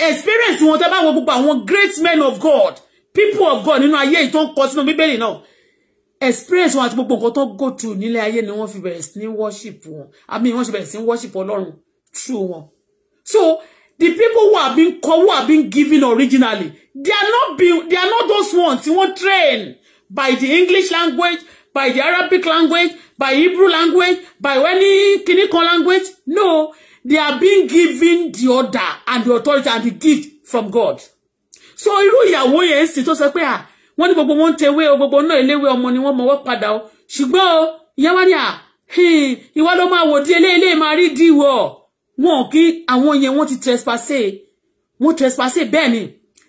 experience wọn tẹ́ bá wo gbogbo àwọn great men of God people of God nínú ayé yìí tó ń kọ sínú bíbélì náà experience wọn àti gbogbo nǹkan tó go to nílé ayé ni wọ́n fi bẹ̀rẹ̀ sí ní worship wọn àmì wọ́n ṣe bẹ̀rẹ̀ sí ní worship ọlọ́run True. wọn so the people who have been called who have been given originally they are not being they are not those ones who were trained by the English language by the Arabic language, by Hebrew language, by any clinical language. No, they are being given the order and the authority and the gift from God. So irú ìyàwó yẹn sì tó sọ pé à ah, wọ́n ní gbogbo wọn ń tewé o gbogbo náà eléwé ọmọ ni wọ́n mọwọ́ padà o ṣùgbọ́n o ìyẹn wá ní à ah, ìwọ ló máa wò di eléyìí máa rí di wọ wọn kí àwọn yẹn wọ́n ti trespassé wọ́n trespassé bẹ́ẹ̀ ni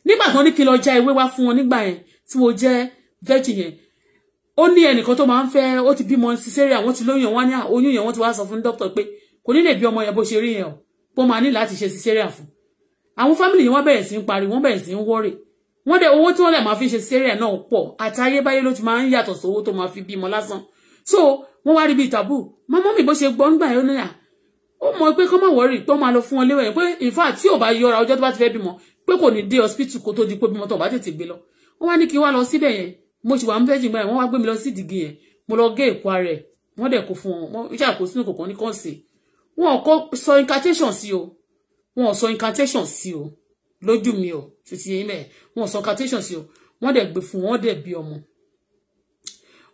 nígbà kan ní kí n lọ ja ewé wá fún wọn nígbà yẹn tí mo jẹ́ virgin yẹn ó ní ẹnìkan tó máa ń fẹ́ ó ti bímọ sísẹ́rẹ́ àwọn ti lóyún wọn ní ah, oyún yẹn wọ́n ti wá sọ fún dókítà pé kò ní lè bí ọmọ yẹn bó ṣe rí yẹn o pé ó máa ní láti ṣe sísẹ́rẹ́ fún àwọn fámìlì yẹn wọ́n bẹ̀rẹ̀ sí ń pariwo wọ́n bẹ̀rẹ̀ sí ń wọ́rẹ̀ wọ́n dẹ̀ owó tí wọ́n lè máa fi ṣe sísẹ́rẹ́ náà pọ̀ àtayébáyé ló ti máa ń yàtọ̀ sówó tó máa fi bímọ lásán so wọ́n wá rí bíi tàbú mọ́mọ́ mi bó ṣe gbọ́ ńgbà yẹn náà ó ah, mọ pé kọ́ máa wọ́rì tó máa lọ fún wọn léwẹ̀ẹ́ pé in fact tí ò bá yọra ọjọ́ tó bá hospital kó tó di pé bímọ tó bá tètè gbé lọ wọ́n wá ní kí mo ṣì wà ń bẹ́ẹ̀ jìgbà yẹn wọ́n wá gbé mi lọ sí ìdígi yẹn mo lọ gé èkó ara ẹ̀ wọ́n dẹ̀ kó fún wọn wọ́n ṣàkó sínú kòkàn ní kàn sí wọn kò sọ incantation sí o wọn sọ incantation sí o lójú mi o ṣùtì yẹn mẹ́ẹ̀ wọn sọ incantation sí o wọ́n dẹ̀ gbé fún wọn wọ́n dẹ̀ bí ọmọ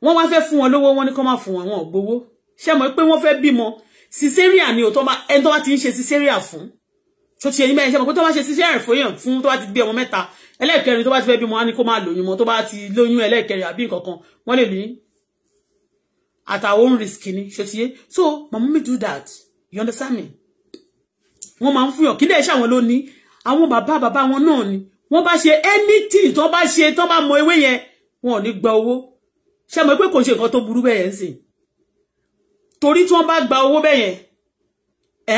wọ́n wá fẹ́ fún wọn lówó wọ́n ní kó má fún wọn wọn ò gbowó ṣé mọ̀ pé wọ́n fẹ́ bímọ cesarean ni ò tó bá ẹni tó bá ti ń ṣe cesarean fún tó ti ẹyin mẹ́rin ṣe mọ̀ pé tó bá ṣe ṣiṣẹ́ rẹ̀ fóyàn fún tó bá ti bí ọmọ mẹ́ta ẹlẹ́ẹ̀kẹrin tó bá ti fẹ́ bímọ á ní kó máa lóyún mọ́ tó bá ti lóyún ẹlẹ́ẹ̀kẹrin àbí nǹkan kan wọ́n lè ní at our own risk ni ṣe ti yé so mama mi do that you understand me wọ́n máa ń fúyàn kí lẹ́ẹ̀ṣẹ́ àwọn ló ní àwọn bàbá bàbá wọn náà ni wọ́n bá ṣe anything tó bá ṣe tó bá mọ ewé yẹn wọn ò ní gba owó ṣe mọ̀ pé kò ṣe nǹkan tó burú bẹ́ẹ̀ yẹn sìn torí tí wọ́n bá gba owó bẹ́ẹ̀ yẹn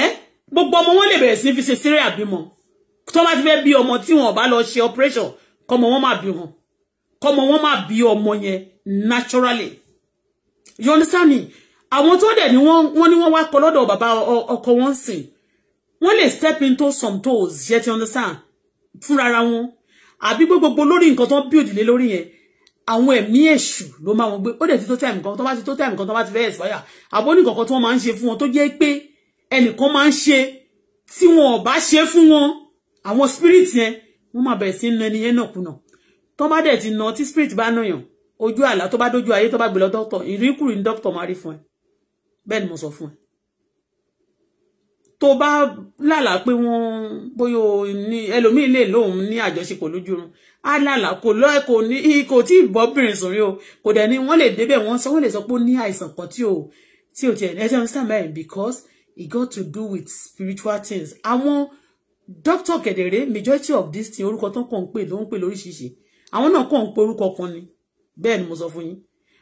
ẹ́ gbogbo ọmọ wọn lè bẹ̀rẹ̀ sí fi ṣe síríà bímọ tó bá ti fẹ́ bí ọmọ tí wọn bá lọ ṣe operation kọmọ wọn máa bí wọn kọmọ wọn máa bí ọmọ yẹn naturally you understand me àwọn tó dẹ̀ ni wọ́n ní wọ́n wá kọ lọ́dọ̀ bàbá ọkọ wọn sìn wọ́n lè step into some toes yẹ ti understand fúnra wọn àbí gbogbo lórí nǹkan tó ń bí òdìlé lórí yẹn àwọn ẹ̀mí èṣù ló máa wọn gbé ó dẹ̀ ti tó time kan tó bá ti tó time kan tó bá ti fẹ́ expire àbónìkọ̀ọ̀kan tó máa ń ṣe fún wọn tó jẹ́ pé ẹnìkan máa ń ṣe tí wọn ò bá ṣe fún wọn àwọn spirit yẹn wọ́n máa bẹ̀rẹ̀ sí na ẹni yẹn náà kùnà tó bá dẹ̀ ti nà tí spirit bá nàyàn ojú àlá tó bá dójú ayé tó bá gbé lọ dọ́tọ̀ ìríkùrì ní dọ́tọ̀ máa rí fún ẹ bẹ́ẹ̀ ni mo sọ fún ẹ tó bá lálàá pé wọ́n bóyá ní ẹlòmíín lè lóun ní àjọṣepọ̀ lójúrun á lálàá kò lọ kò ní kò tí ì sùn rí o kò dẹ̀ ni wọ́n lè débẹ̀ wọ́n sọ wọ́n lè sọ pé ó ní àìsàn kan tí ò tí ò tiẹ̀ ẹ̀ ṣe understand bẹ́ẹ̀ because it got to do with spiritual things àwọn doctor kedere majority of this thing orúkọ tó kàn ń pè ló ń pè lóríṣiríṣi àwọn náà kàn ń pe orúkọ kan ni bẹ́ẹ̀ ni mo sọ fún yín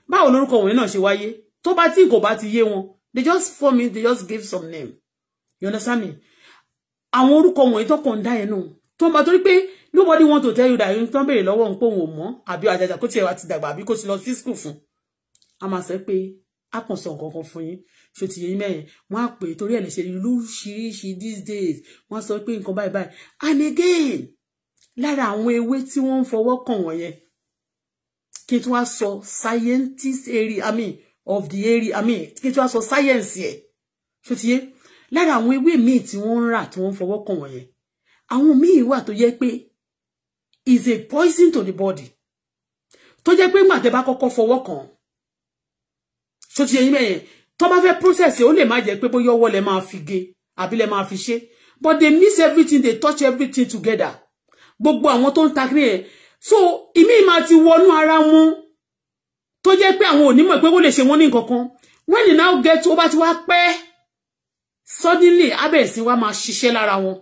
báwo lórúkọ wọ̀nyí náà ṣe wáyé tó bá tí kò bá ti yé wọn they just form it they just give some name you understand me àwọn orúkọ wọ̀nyí tó kàn ń dá ẹnu tó ń bá torí pé nobody want to tell you that you tán béèrè lọ́wọ́ ń pé òun ò mọ̀ àbí àjàjà kó tiẹ̀ wá ti dàgbà àbí kó ti lọ sí school fún a máa sọ pé a kàn sọ nǹkan kan fún yín So ti yẹ yín mẹ́yẹn wọ́n á pè é torí ẹ̀ lè these days wọ́n sọ pé nǹkan báyìí báyìí and again lára àwọn ewé tí wọ́n ń fọwọ́ kàn wọ̀nyẹn kí tí wọ́n á scientist area i mean of the area i mean kí tí so science yẹn So ti yẹ lára àwọn ewé míì tí wọ́n ń rà tí wọ́n ń fọwọ́ kàn wọ̀nyẹn àwọn míì wà tó yẹ is a poison to the body To jẹ́ pé ńgbà tẹ́ bá kọ́kọ́ fọwọ́ kàn ṣó ti yẹ yín tó bá fẹ́ process ó lè má jẹ́ pé bóyá ọwọ́ lẹ máa fi gé àbí lẹ fi ṣe but they mix everything they touch everything together gbogbo àwọn tó ń ta so ìmí máa ti wọnú ara wọn tó jẹ́ pé àwọn onímọ̀ pé ó lè ṣe wọ́n ní nǹkan kan when you now get ó bá ti wá pẹ́ suddenly abẹ́ ẹ̀sìn wa máa ṣiṣẹ́ lára wọn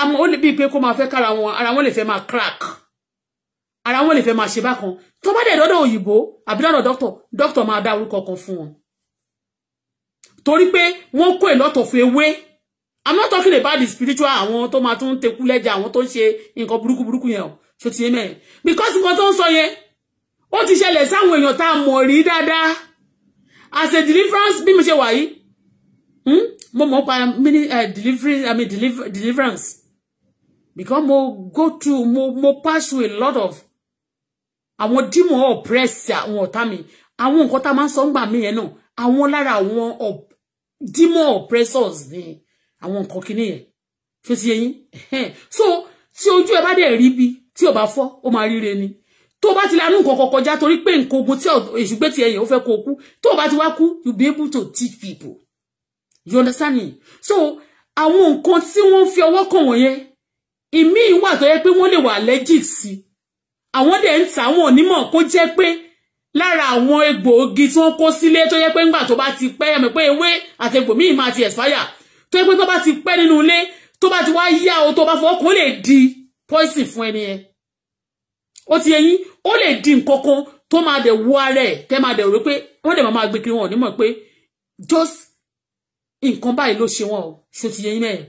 àmọ́ only lè bíi pé kó máa fẹ́ kára wọn ara wọn lè fẹ́ máa crack ara wọn lè fẹ́ máa ṣe bákan tó bá dẹ̀ dọ́dọ̀ òyìnbó àbí dọ́dọ̀ Doctor, dọ́kítọ̀ máa dá orúkọ kan fún wọn Tori pe, wọ́n kó a lot of ewé i'm not talking about the spiritual àwọn tó máa tún teku leja. àwọn tó ń ṣe nǹkan burúkú burúkú yẹn o ṣó ti yé because nǹkan tó ń sọ yẹn ó ti ṣẹlẹ̀ sáwọn èèyàn tá a mọ̀ rí as a deliverance bí mo ṣe wà yìí hmm, mo mọ̀ pa mini eh, delivery i mean deliver, deliverance because mo go to mo mo pass through a lot of àwọn dímọ̀ oppress àwọn ọ̀tá mi àwọn nǹkan tá a máa ń sọ ń gbà mí yẹn náà àwọn lára demon oppressors ni àwọn nǹkan kinní yẹn ṣó ti yẹyin so tí ojú ẹ bá dẹ̀ rí bi tí ò bá fọ́ ó máa ríre ni to bá ti lanú nǹkan kan kọjá torí pé nǹkan ogun tí èṣù gbé ti ẹ̀yìn ó fẹ́ kó kú tó bá ti wá kú you be able to teach people you understand me so àwọn nǹkan tí wọ́n fi ọwọ́ kàn wọ̀nyẹn ìmíì wà to yẹ pé wọ́n lè wà allergic sí àwọn dẹ̀ ń tà wọ́n onímọ̀ kó jẹ́ pé lára àwọn egbòogi tí wọ́n kó sílé tó yẹ pé ńgbà tó bá ti pẹ́ ẹ̀mí pé ewé àti egbò míì máa ti expire tó yẹ pé tó bá ti pẹ́ nínú ilé tó bá ti wá yá o tó bá fọwọ́ kó lè di poison fún ẹni yẹn ó ti yẹ yín ó lè di nǹkan kan tó máa dẹ̀ wọ ara ẹ̀ tẹ́ máa dẹ̀ rò pé wọ́n dẹ̀ máa gbé kiri wọn ò pé just nǹkan báyìí ló ṣe wọn o ṣó ti yẹ yín mẹ́rin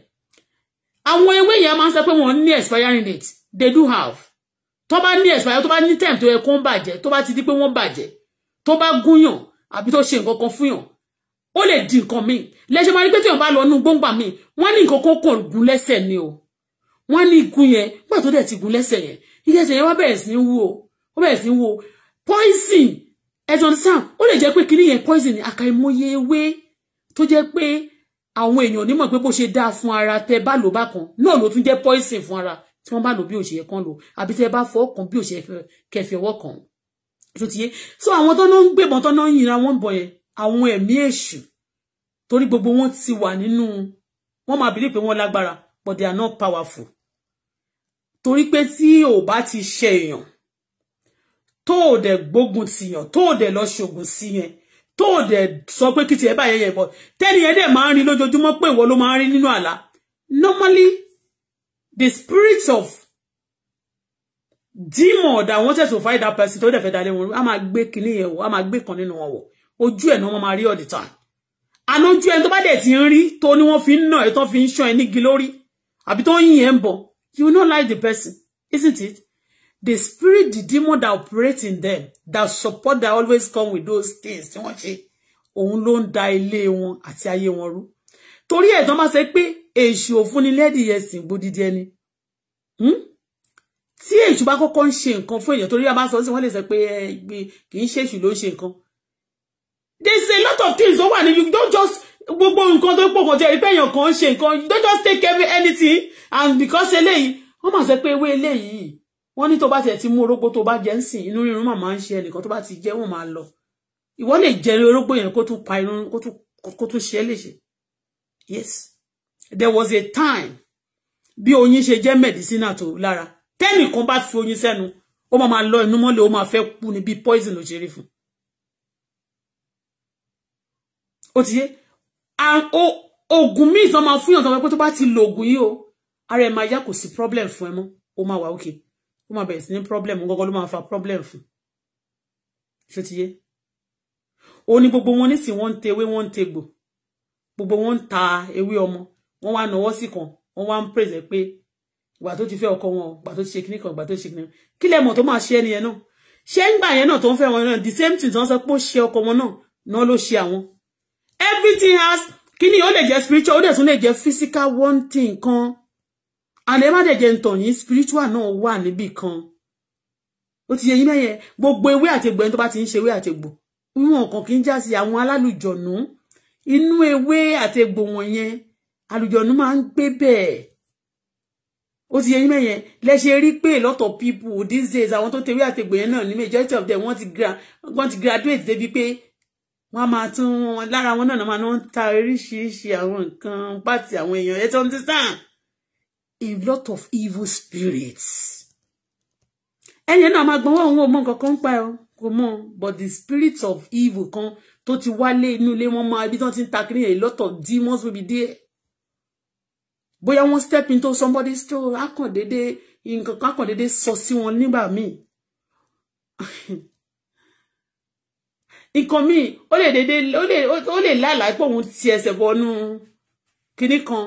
àwọn ewé yẹn máa ń sọ pé wọ́n ní expiring date they do have tó bá ní expire tó bá ní time tó yẹ kó ń bàjẹ́ tó bá ti di pé wọ́n bàjẹ́ tó bá gúnyàn àbí tó ṣe nǹkan kan fún yàn ó lè di nǹkan míì lẹ́sẹ̀ máa rí pé téèyàn bá lọ inú gbóngbà míì wọ́n ní nǹkan kan kò gún lẹ́sẹ̀ ni o wọ́n ní igun yẹn nígbà tó dẹ̀ ti gún lẹ́sẹ̀ yẹn ìyẹsẹ̀ yẹn wá bẹ̀rẹ̀ sí ní wú o ó bẹ̀rẹ̀ sí ní wú o poison ẹ̀sán sam ó lè jẹ́ pé kinní yẹn poison ni àkàìmọye ewé tó jẹ́ pé àwọn èèyàn onímọ̀ pé bó ṣe dáa fún ara tẹ bá lò bákan náà ló tún jẹ́ poison fún ara tí wọ́n bá lò bí òṣèyẹ kan lò àbí tẹ́ bá fọ́ kan bí òṣèyẹ kẹfì ọwọ́ kan tó ti yé so àwọn tó náà ń gbébọn tó náà ń yìnra wọn bọ yẹn àwọn ẹ̀mí èṣù torí gbogbo wọn ti wà nínú wọn máa bìlí pé wọn lágbára but they are not powerful torí pé tí ò bá ti ṣe èèyàn tó ò dẹ̀ gbógun tìyàn tó ò dẹ̀ lọ ṣògùn sí yẹn tó ò dẹ̀ sọ pé kí tiẹ̀ báyẹn yẹn bọ̀ tẹ́ni yẹn dẹ̀ máa ń rí lójoojúmọ́ pé ìwọ ló máa ń rí nínú àlá normally the spirits of demon that wanted to fight that person tó dẹ̀ fẹ́ dalẹ̀ wọn a máa gbé kinní yẹn wọ a máa gbé kan nínú wọn wọ ojú ẹ̀ náà wọ́n máa rí all the time àná ojú ẹni tó bá dẹ̀ ti ń rí tó ni wọ́n fi ń nà ẹ̀ tó fi ń ṣan ẹ̀ nígi lórí àbí tó ń you no like the person isn't it the spirit the demon that operates in them that support that always come with those things tí wọ́n ṣe òun ló ń da ilé wọn àti ayé wọn rú torí ẹ̀ tán bá ṣe pé èṣù òfun ni lẹ́dì yẹn sìn gbódìdí ẹni hmm? tí èṣù bá kọ́kọ́ ń ṣe nǹkan fún èèyàn torí a máa sọ sí wọ́n lè sọ pé eh, kì í ṣe èṣù ló ń ṣe nǹkan they say a lot of things ó wà ní you don't just gbogbo nǹkan tó pọ̀ kò jẹ́ ìpẹ́ èèyàn kan ṣe nǹkan you don't just take every anything and because eléyìí wọ́n máa sọ pé ewé eléyìí wọ́n ní tó bá tiẹ̀ ti mú orógbó tó bá jẹ́ ń sìn inú rírun màmá ń ṣe ẹnìkan tó bá ti jẹ́ wọ́n máa lọ ìwọ lè jẹ orógbó yẹn kó tún pa irun kó tún ṣe é léṣe yes there was a time bí oyin ṣe medicine, medicinal tó lára tẹ́nìkan bá fi oyin sẹ́nu ó máa máa lọ inú mọ́lẹ̀ ó máa fẹ́ kú ni bí poison ló ṣe rí fún ó ti o oògùn míì tán máa fún yàn tán pé tó bá ti lo oògùn o ara ẹ̀ máa yá kò problem fún ẹ mọ́ ó máa wà òkè ó máa bẹ̀rẹ̀ sí ní problem gọ́gọ́ ló máa fa problem fún ṣó ti yé ó ní gbogbo wọn nísìnyí wọ́n ń tewé wọ́n ń tegbò gbogbo wọn ta ewé ọmọ wọ́n wá náwó sí kan wọ́n wá ń praise pé ìgbà tó ti fẹ́ ọkọ wọn ìgbà tó ti ṣe kíní kan ìgbà tó ti ṣe kíní kan kí lẹ mọ̀ tó máa ṣe ẹni yẹn náà ṣé ń gbà yẹn náà tó ń fẹ́ wọn náà the same thing tó ń sọ pé ó ṣe ọkọ wọn náà náà ló ṣe àwọn everything has kíní ó lè jẹ́ spiritual ó dẹ̀ tún lè jẹ́ physical one thing kan àlẹ́ má dẹ̀ jẹ́ ntọ̀yìn spiritual náà wà níbì kan ó ti yẹ yín mẹ́yẹn gbogbo ewé àtẹ̀gbò ẹni tó bá ti ń ṣe ewé àtẹ̀gbò wọn kàn kí ń já sí àwọn alálùjọ̀nù inú ewé àtẹ̀gbò wọn yẹn àlùjọ̀nù máa ń gbé bẹ́ẹ̀ ó ti yẹ yín mẹ́yẹn lẹ́sẹ̀ rí pé a lot of people these days àwọn tó tẹ̀wé àtẹ̀gbè yẹn náà ní majority of them wọ́n ti gra wọ́n ti graduate débi pé wọ́n máa tún wọn lára wọn náà máa ń ta oríṣiríṣi àwọn nǹkan pàtì àwọn èèyàn ẹ̀ tó ń tán a lot of evil spirits ẹni náà máa gbọ́n wọn ò mọ nǹkan pa ọ́ kò mọ̀ but the spirit of evil kan tó ti wálé inú ilé wọn máa ibi tí wọ́n ti ń ta kiri a lot of demons will be there bóyá wọ́n step into somebody store akọ̀dédé nǹkan kan akọ̀dédé sọ sí wọn nígbà míì nǹkan míì ó lè dédé ó lè ó lè lálàá pé òun ti ẹsẹ̀ bọnú kinní kan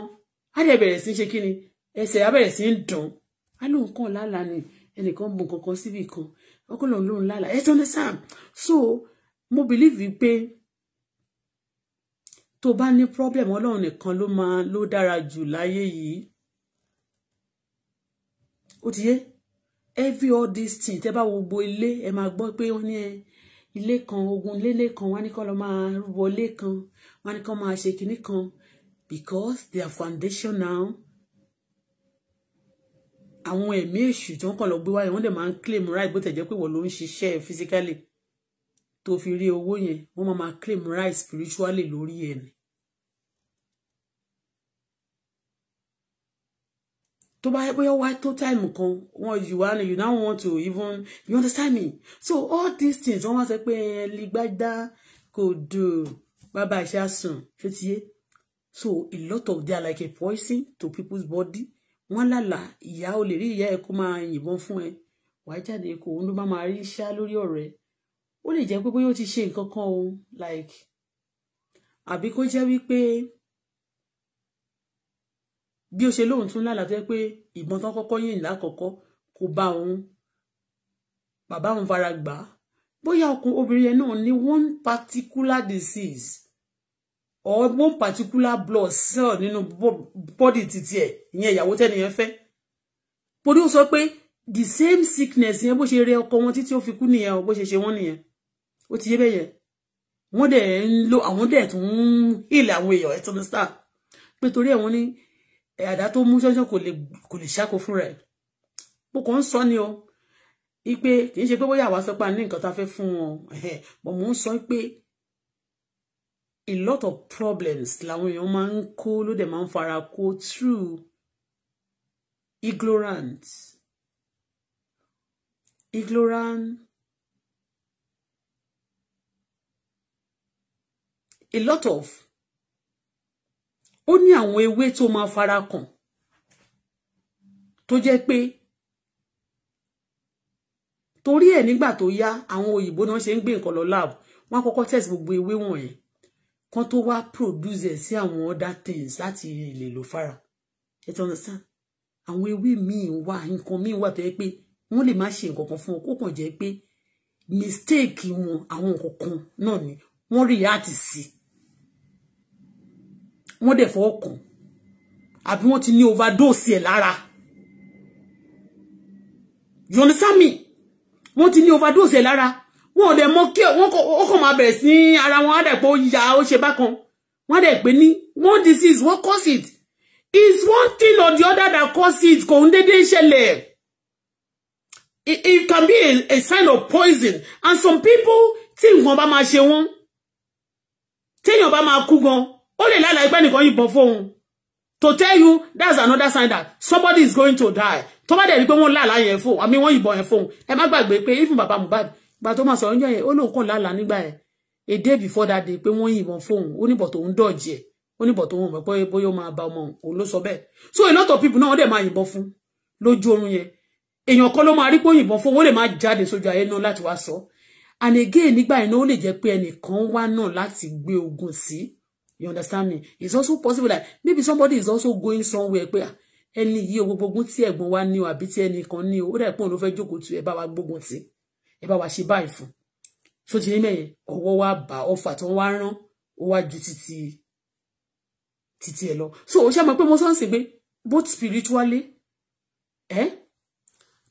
á dẹ̀ bẹ̀rẹ̀ sí ṣe kíni ẹsẹ̀ á bẹ̀rẹ̀ sí ń dùn á lóun kàn lálàá ni ẹnìkan bùn kankan síbì kan ọkọ lòun lòun lálàá ẹ ti understand so mo believe you pay tó bá ní problem ọlọ́run nìkan ló máa ló dára jù láyé yìí ó ti yé every all this thing tẹ́ bá wo gbogbo ilé ẹ máa gbọ́ pé wọ́n ní ilé kan ogun lélé kan wọ́n á ní kọ́ lọ máa wọlé kan wọ́n á ní kọ́ máa ṣe kinní kan because their foundation now àwọn ẹ̀mí èṣù tí wọ́n kàn lọ gbé wáyé wọ́n dẹ̀ máa ń claim right bó tẹ̀ jẹ́ pé wọ́n ló ń ṣiṣẹ́ physically tó fi rí owó yẹn wọ́n máa máa claim right spiritually lórí ẹ̀ ni. tó bá yẹ bóyá wá tó táìmù kan wọn you wá you now want to even you understand me so all these things wọ́n wá sọ pé ẹ eh, lè gbádá kò dùn bàbá àṣà sùn ṣé so a lot of they are like a poison to people's body wọ́n lálà ìyá o lè rí ìyá ẹ kó máa yìnbọn fún ẹ wàá jáde kó òun ló bá máa rí iṣá lórí ọ̀rẹ́ ó lè jẹ́ pé bóyá ó ti ṣe nǹkan kan o like àbí kó jẹ́ wípé bí ó ṣe lóhùn tún lálàá tó yẹ pé ìbọn tán kọ́kọ́ yìn lákọ̀ọ́kọ́ kò bá òun bàbá òun fara gbà á bóyá ọkùnrin obìnrin yẹn náà ní one particular disease or one particular blood cell nínú body títí ẹ̀ ìyẹn ìyàwó tẹ́niyẹn fẹ́ poli ó sọ pé the same sickness yẹn bó ṣe rẹ ọkọ wọn títí ó fi kú nìyẹn o bó ṣe ṣe wọn nìyẹn ó ti yé bẹ́ẹ̀ wọ́n dẹ̀ ń lo àwọn dẹ̀ tún ń hìlẹ̀ àwọn èèyàn ẹ̀tọ́ ní sáà pé torí ẹ̀ wọ́n ní àdá tó mú ṣọ́ṣọ́ kò lè ṣáko fúnra ẹ̀ mo kàn ń sọ ni o ipe kì í ṣe pé bóyá àwa sọ pé a ní nǹkan tá a fẹ́ fún wọn but mo ń sọ pé a lot of problems làwọn èèyàn máa ń kó ló dẹ̀ máa ń fara kó through ignorance ignorant a lot of ó ní àwọn ewé to máa fara kàn tó jẹ́ pé torí ẹ̀ nígbà tó yá àwọn òyìnbó náà ṣe ń gbé lab wọ́n á test gbogbo ewé wọ̀nyẹn kan tó wa produce ẹ̀ sí àwọn other things láti lè lò fara ẹ ti understand àwọn ewé míì wà nǹkan míì wà tó yẹ pé wọ́n lè má ṣe nǹkan kan fún ọ kó kàn mistake wọn àwọn nǹkan kan ni wọ́n react si wọ́n dẹ̀ fọwọ́ kàn àbí wọ́n ti ní overdose ẹ̀ lára you understand me wọ́n ti ní overdose ẹ̀ lára wọn ò dẹ̀ mọ kí wọ́n kàn máa bẹ̀rẹ̀ sí ara wọn á dẹ̀ pé ó ya ó ṣe bákan wọ́n dẹ̀ pé ní one disease what cause it is one thing or the other that cause it kò ń dédé ṣẹlẹ̀. It, can be a, a sign of poison and some people tí nǹkan bá máa ṣe wọ́n téèyàn bá máa kú gan ó lè lálàá ipá nìkan yìnbọn fóun to tell you that's another sign that somebody is going to die tó bá dẹ̀ rí pé wọ́n lálàá yẹn fóun àmì wọ́n yìnbọn yẹn fóun ẹ má gbàgbé pé even bàbá Mohbad bad, but máa sọ̀rọ̀ níjọ́ yẹn ó lóun kàn lálàá nígbà yẹn a day before that day pé wọ́n yìnbọn fóun ó níbọ̀ tó ń dọ̀jì ẹ̀ ó níbọ̀ tó ń mọ̀ pé bóyá ó máa ba ọmọ òun ló sọ bẹ́ẹ̀ so a lot of people náà wọ́n dẹ̀ máa yìnbọn fún lójú oorun yẹn èèyàn kan ló máa rí pé ó yìnbọn fún ó lè máa jáde sójú ayé náà láti wá and again nígbà yẹn náà ó lè jẹ́ pé ẹnìkan wá náà láti gbé ogun sí you understand me it's also possible that maybe somebody is also going somewhere where ah, ẹni yìí o gbogbo ogun a ẹ̀gbọ́n wa ní o àbí tí ẹnìkan ní o ó dẹ̀ pé òun ló fẹ́ jókòó tu ẹ bá wa gbógun tì ẹ bá so ti ní mẹ́yìn ọwọ́ wa bá one. tó ń wá rán ó wá ju títí títí so ó ṣe mọ̀ pé mo sọ ń both spiritually eh? ẹ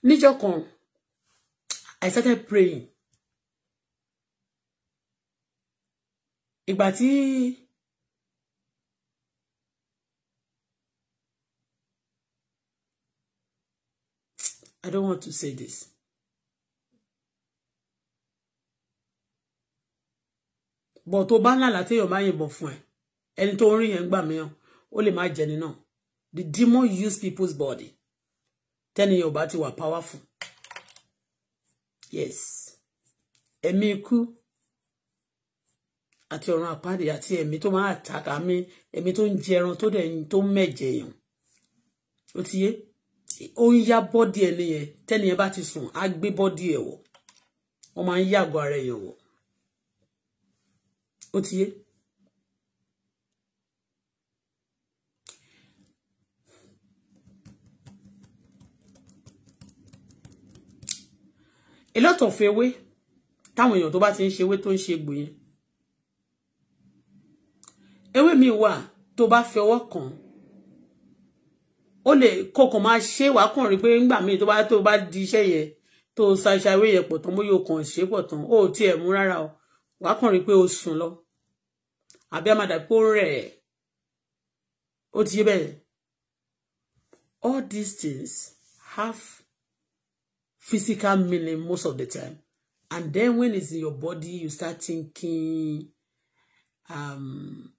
níjọ́ kan I started praying ìgbà tí. I don't want to say this. but tó bá lálàá téèyàn bá yìnbọn fún ẹ ẹni tó ń rí yẹn gbà mìíràn ó lè má the demon use people's body tẹ́niyàn ò bá ti wà powerful yes ẹ̀mí ikú àti ọ̀run àpáàdé àti ẹ̀mí ma attack tàkà mí ẹ̀mí tó ń jẹran tó dẹ̀ tó mẹ̀jẹ̀yàn ó ti yé ó ń yá bọ́dì ẹ̀ nìyẹn tẹ́nìyẹn bá ti sùn á gbé bọ́dì ẹ̀ wọ̀ wọ́n máa ń yá ara èèyàn wọ̀ ó ti yé. a lot of ewé táwọn èèyàn tó bá ti ń ṣe ewé tó ń ṣe egbò yẹn ewé mi wà tó bá fi ọwọ́ kàn án ó lè kọkàn máa ṣe wàá kàn rí pé ńgbà míì tó bá tó bá di iṣẹ́ yẹn tó ṣàṣàwé yẹn pọ̀ tán bóyá o kàn ṣe pọ̀ tán ó tiẹ̀ mú rárá o wàá kàn rí pé o sùn lọ àbí àmàdà pé ó rẹ̀ ó ti yé all these things have physical meaning most of the time and then when it's in your body you start thinking um,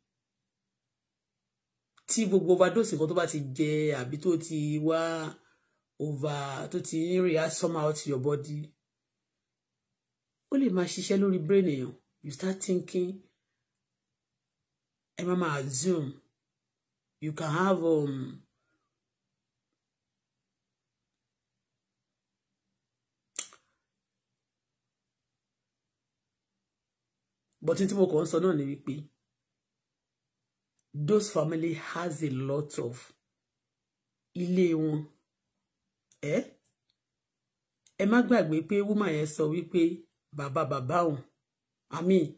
tí gbogbo overdose nǹkan tó bá ti jẹ àbí tó ti wá over tó ti react somehow to your body ó lè máa ṣiṣẹ́ lórí brain èèyàn you start thinking ẹ máa máa assume you can have um, but tí mo kàn ń sọ ni wípé those family has a lot of ilé wọn ẹ ẹ má woman pé so yẹn sọ wípé bàbá bàbá òun àmì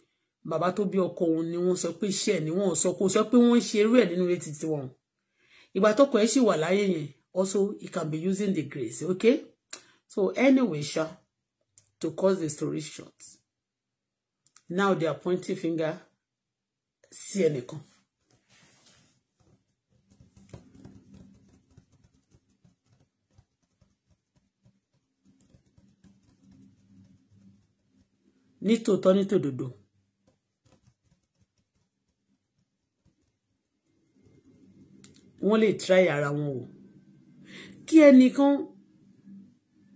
bàbá tó bí ọkọ òun ni wọ́n sọ pé iṣẹ́ ẹ̀ ni wọ́n sọ kó sọ pé wọ́n ń ṣe irú ẹ̀ nínú retí tiwọn ìgbà tọkọ ẹ̀ sì wà láyé yẹn also he can be using the grace okay so anyway sha to cause the story short now they are pointing finger sí ẹnìkan nítòótọ́ nítòdodo. wọ́n lè try ara wọn o kí ẹnìkan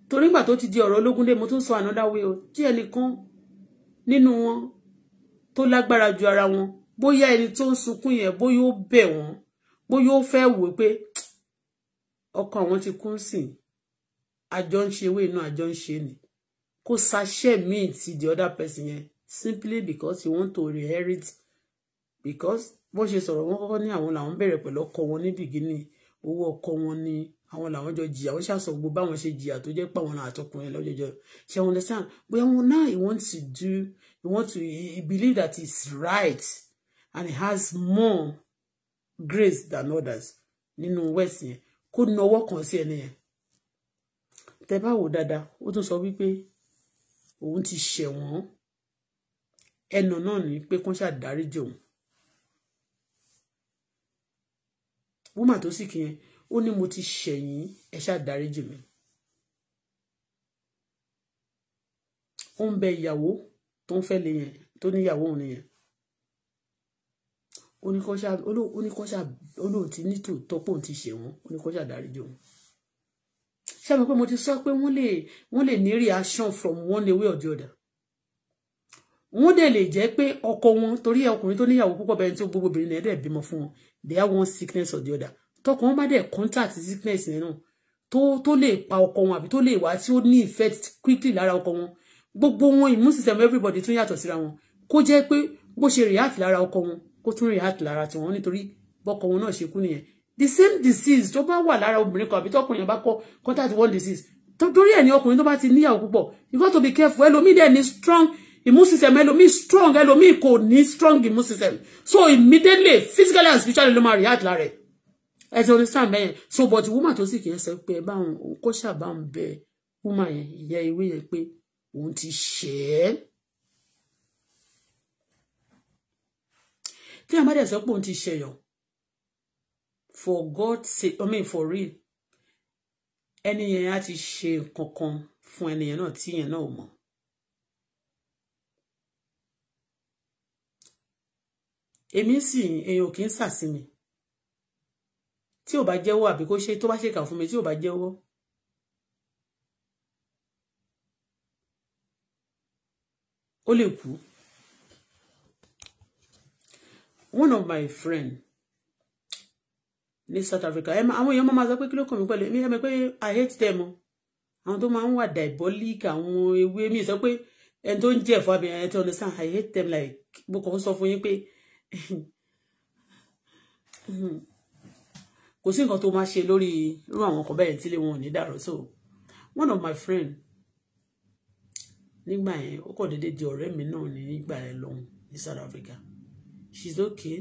torí nígbà tó ti di ọ̀rọ̀ ológúndé mo tún sọ another way o kí ẹnìkan nínú wọn tó lágbára ju ara wọn bóyá ẹni tó ń sunkún yẹn bóyá ó bẹ̀ wọ́n bóyá ó fẹ́ wò pé ọkọ àwọn ti kún sìn àjọ ń ṣe ewé iná àjọ ń ṣe ni kó sachet me ti the other person yẹn simply because you want to inherit because bó ṣe sọ̀rọ̀ wọn kọ́kọ́ ní àwọn làwọn bẹ̀rẹ̀ pẹ̀lú ọkọ wọn ní bìgínì owó ọkọ wọn ní àwọn làwọn jọ jìyà wọn ṣàṣọ gbogbo báwọn ṣe jìyà tó jẹ́ pé àwọn náà àtọkùnrin lọ́jọ́jọ́ ṣe wọn understand bóyá wọn náà he want to do he want to he believe that it's right and he has more grace than others nínú west yẹn kó nawọ́ kan sí ẹni yẹn tẹ bá wò dáadáa ó tún sọ wípé òun ti ṣẹ̀ wọ́n ẹnu náà ni pé kán ṣàdáríjì òun wúmà tó sì kí yẹn ó ní mo ti ṣẹ̀yìn ẹ ṣàdáríjì mi ó ń bẹ ìyàwó tó ń fẹ́ lè yẹn tó níyàwó òun nìyẹn oníkọ́ṣà olóòtí nítòótọ́ pòun ti ṣẹ̀wọ̀n oníkọ́ṣà dáríjì òun ṣé mi pé mo ti sọ pé wọ́n lè wọ́n lè ní reaction from one way or the other wọ́n dẹ̀ lè jẹ́ pé ọkọ wọn torí ọkùnrin tó níyàwó púpọ̀ bẹ́ẹ̀ tó gbogbo obìnrin náà dẹ̀ bímọ fún wọn they have one sickness or the other tọkọ wọn bá dẹ̀ contact sickness yẹn náà tó tó lè pa ọkọ wọn àbí tó lè wá tí ó ní effect quickly lára ọkọ wọn gbogbo wọn immune system everybody tún yàtọ̀ síra wọn kó jẹ́ pé bó ṣe react lára ọkọ wọn kó tún react lára tiwọn nítorí bọ́kọ wọn náà ṣe kú nìyẹn the same disease tó bá wà lára obìnrin kan àbí tọkùnrin yẹn bá kọ contact one disease torí ẹ̀ ní ọkùnrin tó bá ti níyàwó púpọ̀ you got to be careful ẹlòmíì dẹ̀ ní strong immune system ẹlòmíì strong ẹlòmíì kò ní strong immune system so immediately physically and spiritually ló máa react lára ẹ̀ ẹ ti understand bẹ́yẹn so but woman tó sì kì í sọ pé ẹ bá òun kó ṣàbá òun bẹ woman yẹn ìyá ewé yẹn pé òun ti ṣẹ́ ẹ́ tí a bá dẹ̀ sọ pé òun ti ṣẹ̀yàn for God, sake I mean for real ẹni yẹn á ti ṣe nǹkan kan fún ẹni yẹn náà tí yẹn náà ò mọ̀. èmi sì èèyàn kì í sàsìmì tí ò bá jẹ́wọ́ àbí kó ṣe tó bá ṣèkà fún mi tí ò bá jẹ́wọ́. one of my friend ní South Africa ẹ àwọn èèyàn máa sọ pé kí ló kàn mí pẹ̀lú èmi ẹ mọ̀ pé I hate them o àwọn tó máa ń wà diabolic àwọn ewé mi sọ pé ẹni tó ń jẹ́ ẹ̀fọ́ abìyẹn ẹ ti understand I hate them like mo kàn ń sọ fún yín pé [laughs] kò sí nǹkan tó máa ṣe lórí irú àwọn kan bẹ́ẹ̀ tílé wọn ò ní dàrú so one of my friend nígbà yẹn ó kàn déédéé di ọ̀rẹ́ mi náà nígbà yẹn lọ́hùn ní South Africa she's okay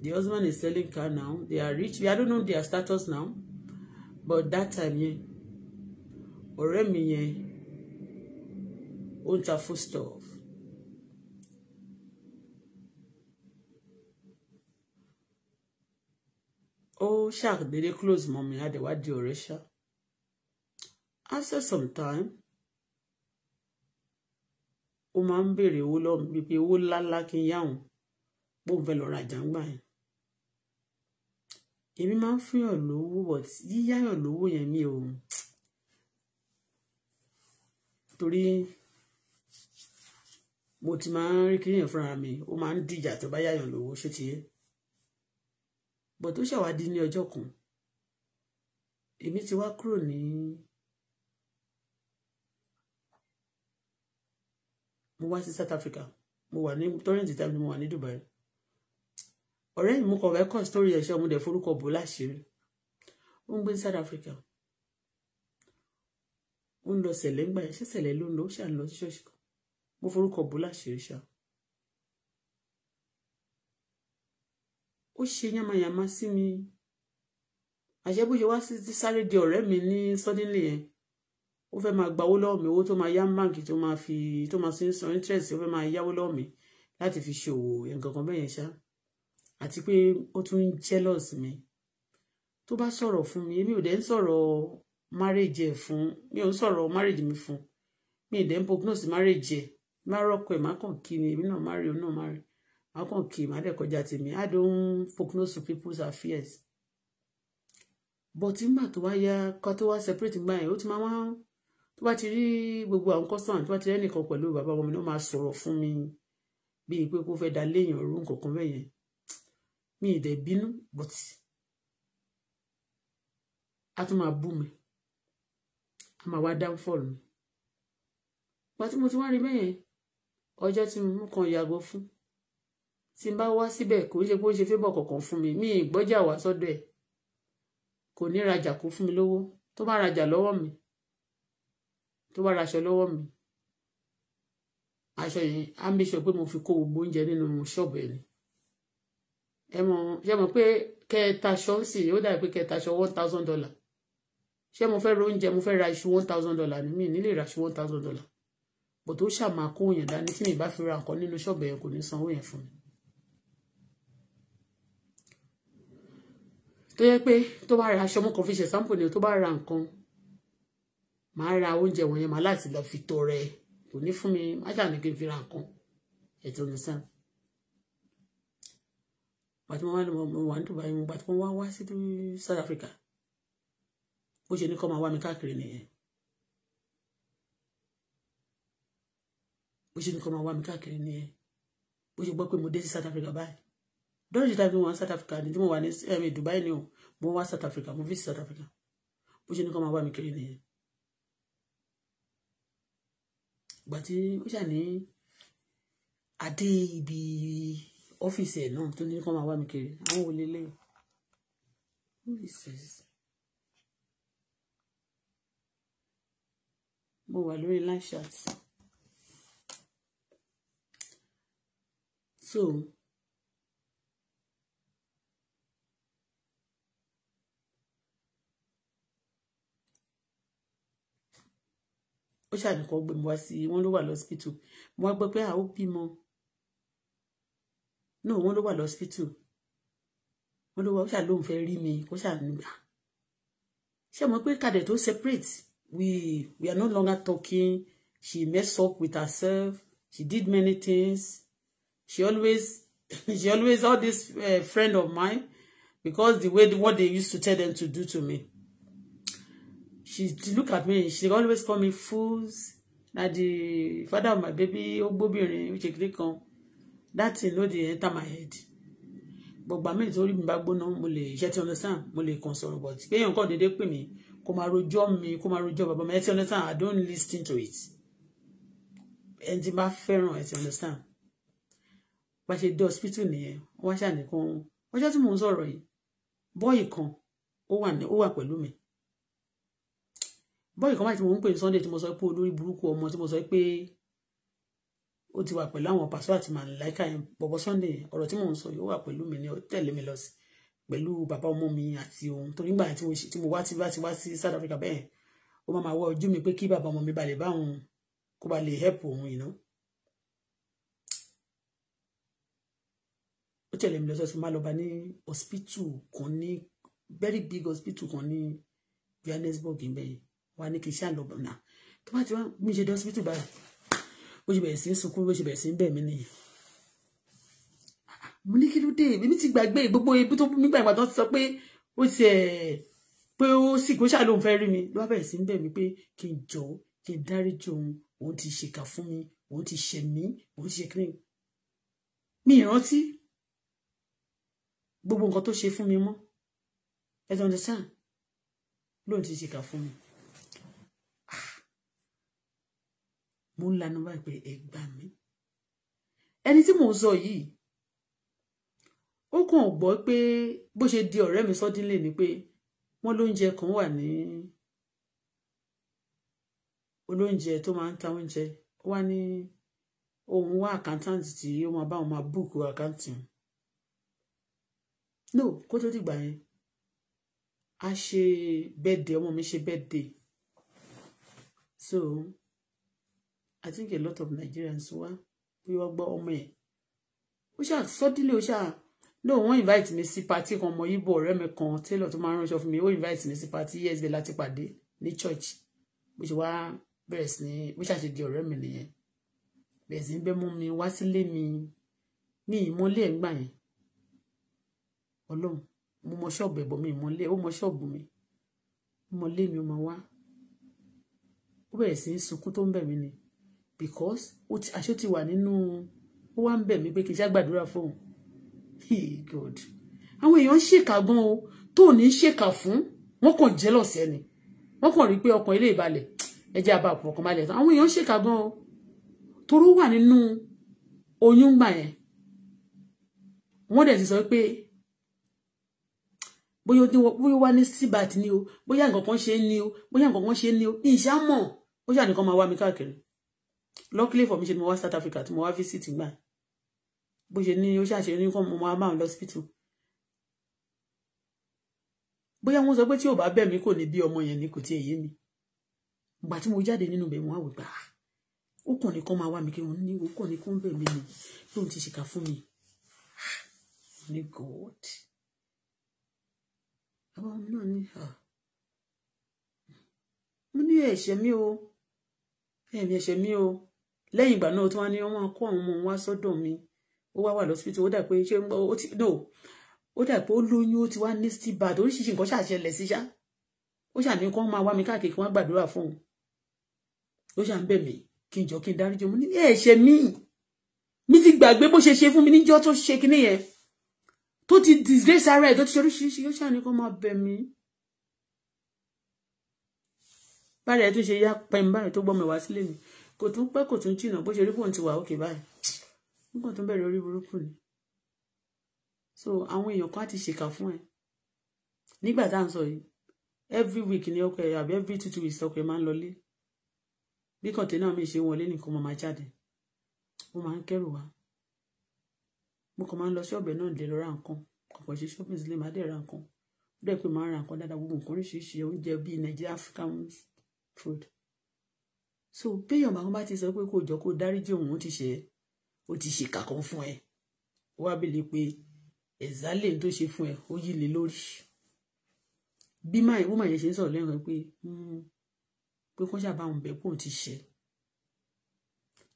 the husband is selling car now they are rich i don't know their status now but that time yẹn ọ̀rẹ́ mi yẹn ó ń ta food stuff ó ṣàdédé close mọ́ mi adẹ̀wá di ọ̀rẹ́ ṣá after some time ó máa ń béèrè owó lọ́wọ́ mi pé owó ńláńlá kí n yá òun bóun fẹ́ yẹn èmi máa ń fúnyàn lówó but yíyáyàn lówó yẹn mi ò torí mo ti máa ń rí kíríyàn fúnra mi ó máa ń dìjà tó bá yáyàn lówó ṣó ti yé but ó ṣàwádì ní ọjọ́ kan èmi ti wá kúrò ní mo wá sí South Africa mo wà ní tọ́rẹ́ǹtì tàbí mo wà ní Dubai ọ̀rẹ́ mi mú kọ rẹ́kọ̀ sórí ẹ̀ṣẹ́ mo dẹ̀ forúkọ bò láṣìírí ó ń gbé ní South Africa ó ń lọ sẹ̀lẹ̀ ń gbà yẹn ṣé sẹ̀lẹ̀ ló ń lọ ó ṣà ń lọ sí ṣọ́ọ̀ṣì kan mo forúkọ bò láṣìírí ṣá ó ṣe yánmayàmá sí mi àṣẹ bó ṣe wá sí sáré di ọ̀rẹ́ mi ní suddenly yẹn ó fẹ́ máa gbawó lọ́wọ́ mi owó tó máa yá báǹkì tó máa fi tó máa sin san interest ó fẹ́ máa yáwó lọ́wọ́ mi láti fi ṣòwò nǹkan kan bẹ́ẹ̀ yẹn ṣáá àti pé ó tún ń jealous mi tó bá sọ̀rọ̀ fún mi èmi ò dẹ̀ ń sọ̀rọ̀ marriage ẹ̀ fún mi ò ń sọ̀rọ̀ marriage mi fún mi ìdẹ̀ ń prognose marriage ẹ̀ má rọ́kọ̀ ẹ̀ má kàn kí ni èmi náà má rí òun náà má rí má kàn kí má dẹ̀ kọjá tèmi I don't prognose people's affairs but nígbà tó wá yá ká tó wá separate gbà yẹn ó ti máa wá tó bá ti rí gbogbo àwọn customer tó bá ti rẹ́nìkan pẹ̀lú bàbá ọmọ mi ló máa sọ̀rọ̀ fún mi bíi pé kó fẹ́ da léèyàn rú nǹkan kan bẹ́yẹn mi ì dẹ̀ but a tún máa bú mi a máa wá downfall mi ìgbà tí mo ti wá rí bẹ́yẹn ọjọ́ tí mo kàn yàgò fún tí n bá wá síbẹ̀ kò ń ṣe pé ó ṣe fébọ̀ mi mi ì gbọ́jà wá sọ́dọ̀ ẹ̀ kò raja rajà kó fún mi lówó tó bá rajà lọ́wọ́ mi tó bá raṣọ lọ́wọ́ mi aṣọ yẹn á mẹ́sọ̀ mo fi kó gbogbo oúnjẹ nínú ṣọ́ọ̀bù ẹ̀ ni ẹ mọ̀ ṣe mọ̀ pé kẹtaṣọ ń sìn ó dàbí pé kẹtaṣọ one thousand dollar ṣé mo fẹ́ ra oúnjẹ mo fẹ́ ra iṣu one thousand dollar mi nílé ra iṣu one thousand dollar bò tó ṣàmà kó yẹn dání tí mi bá fi ra nǹkan nínú ṣọ́ọ̀bù yẹn kò ní sanwó yẹn fún mi. tó yẹ pé tó bá ra aṣọ mú kan fi ṣe sampo ni tó bá ra nǹkan màá ra oúnjẹ wọ̀nyẹn màá láti lọ fi tọrẹ kò ní fún mi má ṣàní fi ra nǹkan ètò nìsan. But wọ́n wá ní mo wà ní Dubai mo pàtí wọ́n wá South Africa bó ṣe ní kọ́ máa wá mi káàkiri nìyẹn bó ṣe ní kọ́ máa wá mi káàkiri nìyẹn bó ṣe gbọ́ pé mo dé sí South Africa Don't you yìí tàbí wọn South Africa ní tí mo wà ní ẹ̀mí Dubai ni o mo wá South Africa mo visit South Africa bó ṣe ní kọ́ máa wá mi kiri nìyẹn ìgbà tí ó ṣà ní adé ibi ọ́fíìsì ẹ̀ náà tó ní kọ́ máa wá mi kiri àwọn wò lélẹ̀ mo wà lórí live chat so ó ṣàdìkọ gbé mi wá sí wọn ló wà lọ́sípítù mo wá gbọ́ pé àwọn bímọ náà wọ́n ló wà lọ́sípítù wọ́n ló wà ó ṣàlóhùn fẹ́ rí mi kó ṣàníyà ṣé mo pé kàdé tó separate we we are no longer talking she mess up with herself she did many things she always [laughs] she always all this uh, friend of mine because the way what they used to tell them to do to me she look at me she always call me fools na the father of my baby ó which ó ṣe kiri kan that thing ló dey enter my head gbọgbà mi torí mi bá gbóná mo lè ṣe ti understand mo lè concern sọ̀rọ̀ but kéèyàn kàn déédéé pè mí kó máa rojọ́ mi kó máa rojọ́ bàbá mi ẹ ti understand i don't listen to it ẹni tí bá fẹ́ràn ẹ ti understand bá ṣe dé hospital nìyẹn wọ́n wá ṣàníkan ọjọ́ tí mò ń sọ̀rọ̀ yìí bọ́ọ̀ì kan ó wà ó wà pẹ̀lú mi bọ́ọ̀ì kan báyìí tí mò ń pè Sunday tí mo sọ pé olórí burúkú ọmọ tí mo sọ pé ó ti wà pẹ̀lú àwọn pàṣọ àti màláìka yẹn bọ̀bọ̀ Sunday ọ̀rọ̀ tí mò ń sọ yóò wà pẹ̀lú mi ní tẹ̀lé mi lọ sí pẹ̀lú bàbá ọmọ mi àti ohun torí nígbà tí mo wá ti wá ti wá sí South Africa bẹ́ẹ̀ ó máa wá ojú mi pé kí bàbá ọmọ mi bá lè bá òun kó bá lè help òun ìná. ó tẹ̀lé mi lọ sọ́sọ́ máa lọ bá ní hospital kan ní very big hospital kan ní Johannesburg ń bẹ̀yìn wá ní kì í ṣàlọ́bọ̀nà tó bá ti wá mi ṣe dé hospital báyìí bó ṣe bẹ̀rẹ̀ sí ń sunkún bó ṣe bẹ̀rẹ̀ sí ń bẹ̀ mí nìyẹn mo ní kí ló dé èmi ti gbàgbé gbogbo ibi tó mí gbàgbà tó ti sọ pé ó ti ẹ̀ pé ó sì kó ṣáà lóun fẹ́ rí mi ló wá bẹ̀rẹ̀ sí ń bẹ̀ mí pé kí n jọ kí n dáríjì òun òun ti ṣèkà fún mi òun ti ṣẹ̀ mí òun ti ṣe kí mi ìrántí gbogbo nǹkan tó ṣe fún mi mọ́ ẹ tọ́ ní sáà lóun ti ṣèkà fún mi. mo ń lanu báyìí pé ẹ gbà mí ẹni tí mò ń sọ yìí ó kàn gbọ́ pé bó ṣe di ọ̀rẹ́ mi sọ́dínlé ni pé wọ́n lóúnjẹ kan wà ní olóúnjẹ tó máa ń ta oúnjẹ ó wá ní òun wá àkántàǹtì tí ó máa bá òun máa búùkù àkáǹtì òun no kó tó dìgbà yẹn a ṣe bẹ́ẹ̀dẹ̀ ọmọ mi ṣe bẹ́ẹ̀dẹ̀ so I think a lot of Nigerians wá pé wọ́n gbọ́ ọmọ yẹn ó ṣáà suddenly ó ṣáà lóò wọ́n invite mi sí party kan ọmọ Ìgbò ọ̀rẹ́ mi kan taylor tó máa ń ránṣọ fún mi ó invite mi sí party yes bẹ́ẹ̀ láti pàdé ní church bó ṣe wá bẹ̀rẹ̀ sí ní bó ṣàṣe di ọ̀rẹ́ mi nìyẹn bẹ̀rẹ̀ sí ń bẹ́ mú mi wá sílé mi ní ìmọ̀lẹ́ ẹ̀gbà yẹn ọlọ́run mo mọ ṣọ́ọ̀bù ẹ̀bọ̀ mi ìmọ̀lẹ́ ó mọ ṣọ́ọ̀bù mi ìmọ̀lẹ́ mi ó máa wá ó bẹ̀rẹ̀ sí ń sunkún tó ń bẹ̀ mí ni because aṣọ ti wà nínú ó wá ń bẹ̀ mí pé kì í ṣàgbàdúrà fóun god àwọn èèyàn ń ṣèkà gan o tó ò ní ṣèkà fún wọn kàn jẹ́ lọ́sẹ̀ ni wọn kàn rí pé ọkàn ilé ìbalẹ̀ ẹjẹ́ àbá àpò ọkàn balẹ̀ tán àwọn èèyàn ń ṣèkà gan o toró wà nínú oyún gbà yẹn wọ́n dẹ̀ ti sọ pé bóyá ó bóyá wá ní síbàtì ni o bóyá nǹkan kan ṣe é ni o bóyá nǹkan kan ṣe é ni o ìṣá mọ̀ ó ṣàdìkan máa wá mi káàkiri luckily for mi ṣe ni mo wá South Africa tí mo wá visit gbà bó o ní ó ṣàṣe uniform mo máa bá wọn lọ hospital bóyá wọn sọ pé tí ò bá bẹ̀ mí kò ní bí ọmọ yẹn ni kò tiẹ̀ yé mi ìgbà tí mo jáde nínú bẹ̀ wọ́n á wò gbà á ah, ó kàn ní kán máa wá mi kí wọn ní ó kàn ní kán bẹ̀ mí ni lóun ti ṣìkà fún mi ah, ní god àwọn ọmọ náà ní ah. mo ní ẹ̀ṣẹ̀ mi o ẹ̀mí ẹ̀ṣẹ̀ mi o lẹ́yìn ìgbà náà tí wọ́n ní wọ́n kó àwọn ọmọ wọn wá sọ́dọ̀ mi ó wá wà lọ́sibítù ó dà pé ṣé ó ti no ó dà pé ó lóyún ó ti wá ní sí bàdó oríṣiríṣi nǹkan ṣàṣẹlẹ̀ sí ṣá ó ṣàní kó máa wá mi káàkiri kí wọ́n gbàdúrà fún un ó ṣà ń bẹ̀ mí kí n jọ kí n dáríjì mo ní ẹ̀ṣẹ̀ mi mi ti gbàgbé bó ṣe ṣe fún mi níjọ́ tó ṣe kinní yẹn tó ti disgrace ara ẹ̀ tó ti ṣe oríṣiríṣi ó ṣàní kó máa bẹ̀ mí bára ẹ tún ṣe yá pẹ́m báyìí tó gbọ́mọ̀ wá sílé mi kò tún pẹ́ kò tún jìnnà bó ṣe rí bóun ti wà òkè báyìí nígbà tó bẹ̀rẹ̀ orí burúkú ni so àwọn èèyàn kan á ti ṣèkà fún ẹ nígbà tá à ń sọ yìí every week ni ọkọ ẹ àbí every two weeks ọkọ ẹ máa ń lọlé bí kọ̀ǹtẹ́nà mi ṣe wọlé nìkan mo máa jáde mo máa ń kẹ́rù wá mo kàn máa ń lọ ṣọ́ọ̀bù náà lè lọ ra nǹkan kọ̀pọ̀ ṣe shopping sílé máa dẹ̀ ra nǹkan ó dẹ̀ pé máa ń ra nǹkan dáadáa gbogbo nǹkan oríṣiríṣi oúnjẹ bíi Nigeria African food so béèyàn bá wọn bá ti sọ pé kò jọ kó dáríjì òun o ti kakon ó ti ṣe kàkan fún ẹ wá bèlè pé ẹ̀zálè tó ṣe fún ẹ ó yí lé lórí bí máa ìwọ́n o yẹn ṣe ń sọ̀rọ̀ lẹ́yìn rẹ pé hmm, pé kó ṣàbá òun bẹ́ẹ̀ kó ti ṣe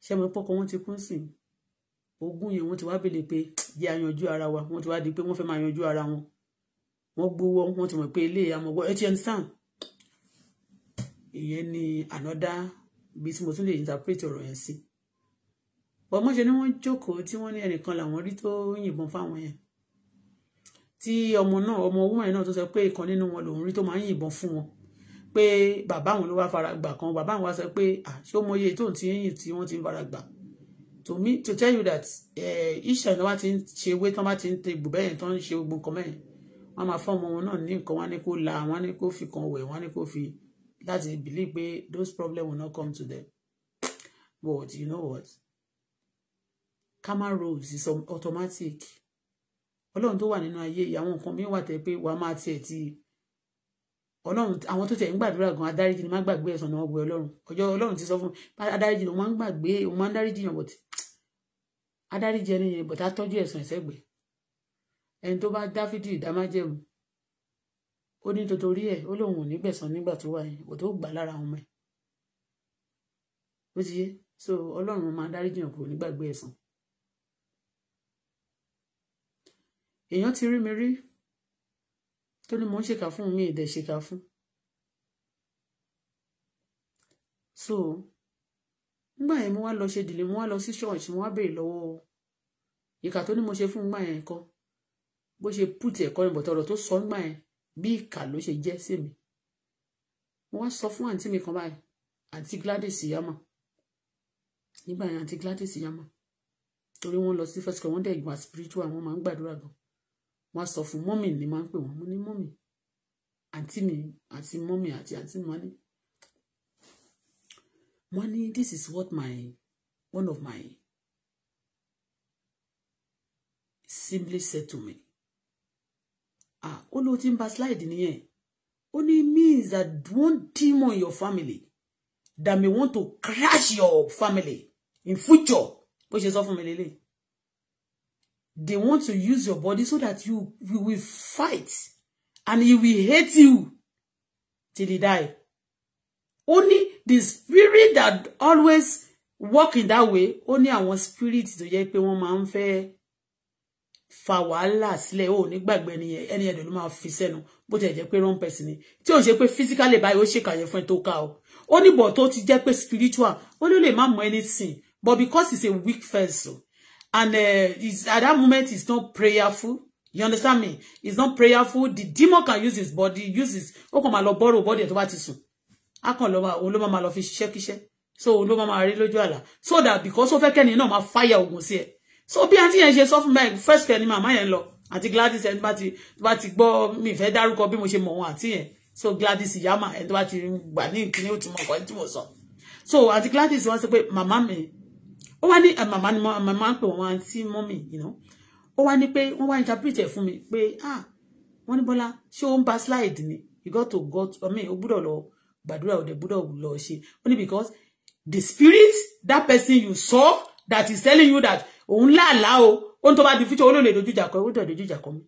ṣe mọ pọ́kọ wọn ti kún sí ogún yẹn o ti wá bèlè pé jẹ́ àyanjú ara wa wọ́n ti wá di pé wọ́n fẹ́ máa yanjú ara wọn wọ́n gbowó wọ́n ti mọ̀ pé ilé àmọ́gbọ́ ẹ ti understand ìyẹn ni ànádá ibi tí mo tún lè interpret ọ̀rọ̀ yẹn sí bọ́mọ́ṣe ni wọ́n jókòó tí wọ́n ní ẹnìkan làwọn rí tó yìnbọn fáwọn yẹn tí ọmọ náà ọmọ woman yẹn náà tó sọ pé ìkan nínú wọn lòun rí tó máa ń yìnbọn fún wọn pé bàbá àwọn ló wá fara gbà kan bàbá àwọn wá sọ pé ṣé ó mọyé tóun ti yìn tí wọ́n ti ń fara gbà to me to tell you that eh, iṣẹ́ ìnáwó ti ń ṣe ewé tán bá ti ń te gbùgbẹ́ yẹn tán ń ṣe gbogbo nǹkan mẹ́rin wọ́n máa fọ́ ọmọ wọn náà ní nǹkan wọn á kó la wọn á kó fi kan wẹ̀ wọn á kó fi láti believe pé those problems will not come to them but you know what camera rules is automatic Olorun ọlọ́run tó wà nínú ayé àwọn nǹkan mi wà tẹ́ pé wàá máa tiẹ̀ ti ọlọ́run àwọn tó tẹ̀ ń gbàdúrà gan adáríjì ni má gbàgbé ẹ̀sán náà gbé ọlọ́run ọjọ́ ọlọ́run ti sọ fún mi adáríjì ló máa ń gbàgbé òun máa ń but yàn bọ̀tì adáríjì ẹni yẹn bọ̀tà tọ́jú ẹ̀sán to ẹni tó bá dáfídì ìdámájẹ̀mú ó ní torí ẹ̀ ó lóun ò ní gbẹ̀san nígbà tó wà yìí kò tó gbà lára ọmọ ẹ̀ ó ti yé so ọlọ́run máa dáríjì hàn kò ní gbàgbé ẹ̀san èèyàn ti rí mi rí tó ní mò ń ṣèkà fún mi ìdẹ̀ ṣèkà fún so ngbà yẹn mo wá lọ ṣe dìlé mo wá lọ sí ṣọ́ọ̀ṣì mo wá béèrè lọ́wọ́ ìkà tó ní mo ṣe fún ngbà yẹn kọ́ bó ṣe pùtì ẹ̀kọ́ ìbọ̀tọ̀rọ̀ tó sọ ngbà yẹn bí ìkà ló ṣe jẹ́ sí mi mo wá sọ fún àǹtí mi kan báyìí àǹtí Gladys yamma nígbà yẹn àǹtí Gladys yamma torí wọ́n lọ sí first class wọ́n dẹ̀ ìgbà spiritual wọ́n máa ń gbàdúrà gan wọ́n sọ fún mọ́mì ni máa ń pè wọ́n mo ní mọ́mì àǹtí mi àti mọ́mì àti àǹtí mi wọ́n ní wọ́n ní this is what my one of my simply said to me ah ó ló ti ń backslide nìyẹn ó ní means that one demon in your family that may want to crash your family in future bó ṣe sọ fún mi lélẹ̀ they want to use your body so that you, you will fight and he will hate you till he die Only ní the spirit that always walk in that way Only ní àwọn spirit tó jẹ́ pé wọ́n máa ń fẹ́ fa wàhálà sílẹ̀ ò ní gbàgbé ẹni yẹn ẹni yẹn ló máa fi sẹ́nu bó ti jẹ́ pé wrong person ni tí ò ń ṣe pé physically báyìí ó ṣèkàyẹ fún ẹ tó ká o ó ní bọ̀ tó ti jẹ́ pé spiritual ó ló lè má mọ anything but because he's a weak person and uh, at that moment he's not prayerful you understand me he's not prayerful the demon can use his body use his ó kàn máa lọ bọ́rọ̀ bọ́dì ẹ̀ tó bá ti sùn á kàn lọ́ọ́ òun ló máa lọ fi ṣiṣẹ́ kíṣẹ́ so òun ló máa rí lójú àlá so that because ó fẹ́ kẹ́ni náà máa fáyà ogun sí ẹ̀ so bí àǹtí yẹn ṣe sọ fún mi first care ni màmá yẹn lọ àti Gladys ẹni bá ti bá ti gbọ́ mi fẹ́ dárúkọ bí mo ṣe mọ̀ wọn àti yẹn so Gladys yama ẹni tó bá ti gbà ní ìkíní ó ti ẹni tí mo sọ so àti Gladys wá sọ pé màmá mi ó wá ní màmá ni màmá ń pè wọn àǹtí mọ́ mi you know ó wá ní pé wọ́n wá interpret fún mi pé ah wọ́n ní Bọ́lá ṣé ó ń ba slide ni you got to go to, I mean o gbúdọ̀ lọ gbàdúrà òde gbúdọ̀ lọ ṣe ó ní because the spirit that person you saw that is telling you that òun láàlá o ohun tó bá di fíjọ olóòlè dojú ìjà kọ ẹ ó dẹ̀ dojú ìjà kọ mi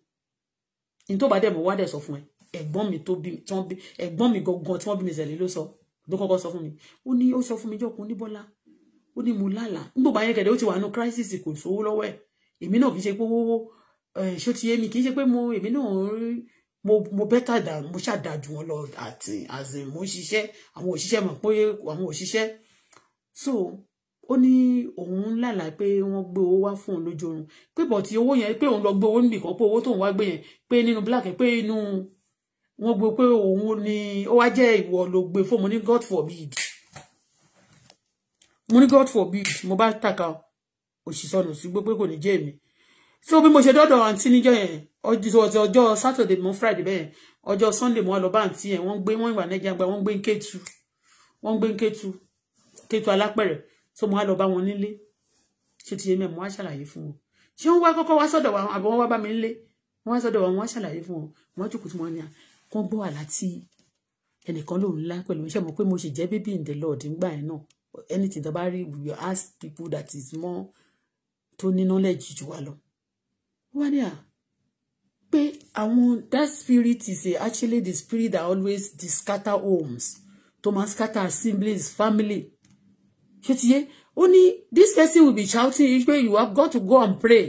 ní tó bá dẹ̀ mọ̀ wá dẹ̀ sọ fún ẹ ẹ̀gbọ́n mi tó bí tán bí ẹ̀gbọ́n mi gangan tí wọ́n bí mi zẹ̀lẹ̀ ló sọ ló kọ́kọ́ sọ fún mi ó ní ó sọ fún mi jọ́kun ní Bọ́lá ó ní mo lálàá nígbà yẹn kẹ̀dẹ̀ ó ti wà nù crisis kò sówó lọ́wọ́ ẹ̀ èmi náà kì í ṣe pé owó ṣó ti yé mi kì í ṣe pé mo èmi náà mo mo bẹ́tà dà mo ṣàdà jù wọn lọ àti àzìn mo ń ṣiṣẹ́ àwọn òṣìṣẹ́ mọ̀ pé àwọn òṣìṣẹ́ so ó ní òun lálàá pé wọ́n gbé owó wá fún òun lójú oorun pé bọ̀tí owó yẹn pé òun lọ gbé owó nìkan pé owó tóun wá gbé yẹn pé nínú black pé inú wọ́n gbé pé òun ni ó wá jẹ́ ìwọ ló gbé fún mo ní god forbid mo ní god forbid mo bá tàka òṣìṣọ́nù sí gbé pé kò ní jẹ́ èmi so bí mo ṣe dọ́dọ̀ àǹtí níjọ́ yẹn ọjọ́ Saturday, mọ́ friday bẹ́ẹ̀ ọjọ́ sunday mọ́ ọlọ́ba àǹtí yẹn wọ́n gbé wọ́n ìwà nẹ́jà gba wọ́n gbé ń kétu wọ́n gbé ń kétu kétu alápẹ̀rẹ̀ so mo wá lọ bá wọn nílé ṣé ti yé mẹ́mọ́ wá ṣàlàyé fún wọn ṣé wọ́n wá kọ́kọ́ wá sọ́dọ̀ wa àbọ̀ wọ́n wá bá mi nílé wọ́n wá sọ́dọ̀ wa wọ́n wá ṣàlàyé fún wọn wọ́n jókòó tí wọ́n ní à kó gbọ́ àlá tí ẹnìkan lòun ńlá pẹ̀lú iṣẹ́ mọ̀ pé mo sì jẹ́ bíbí in the Lord ńgbà yẹn náà anything tó bá rí we will ask people that is more to ní knowledge jù wá lọ. wọ́n ní à pé àwọn that spirit is actually the spirit that always dey scatter homes to máa scatter siblings family ṣé ó ní this person will be shouting you pé you have got to go and pray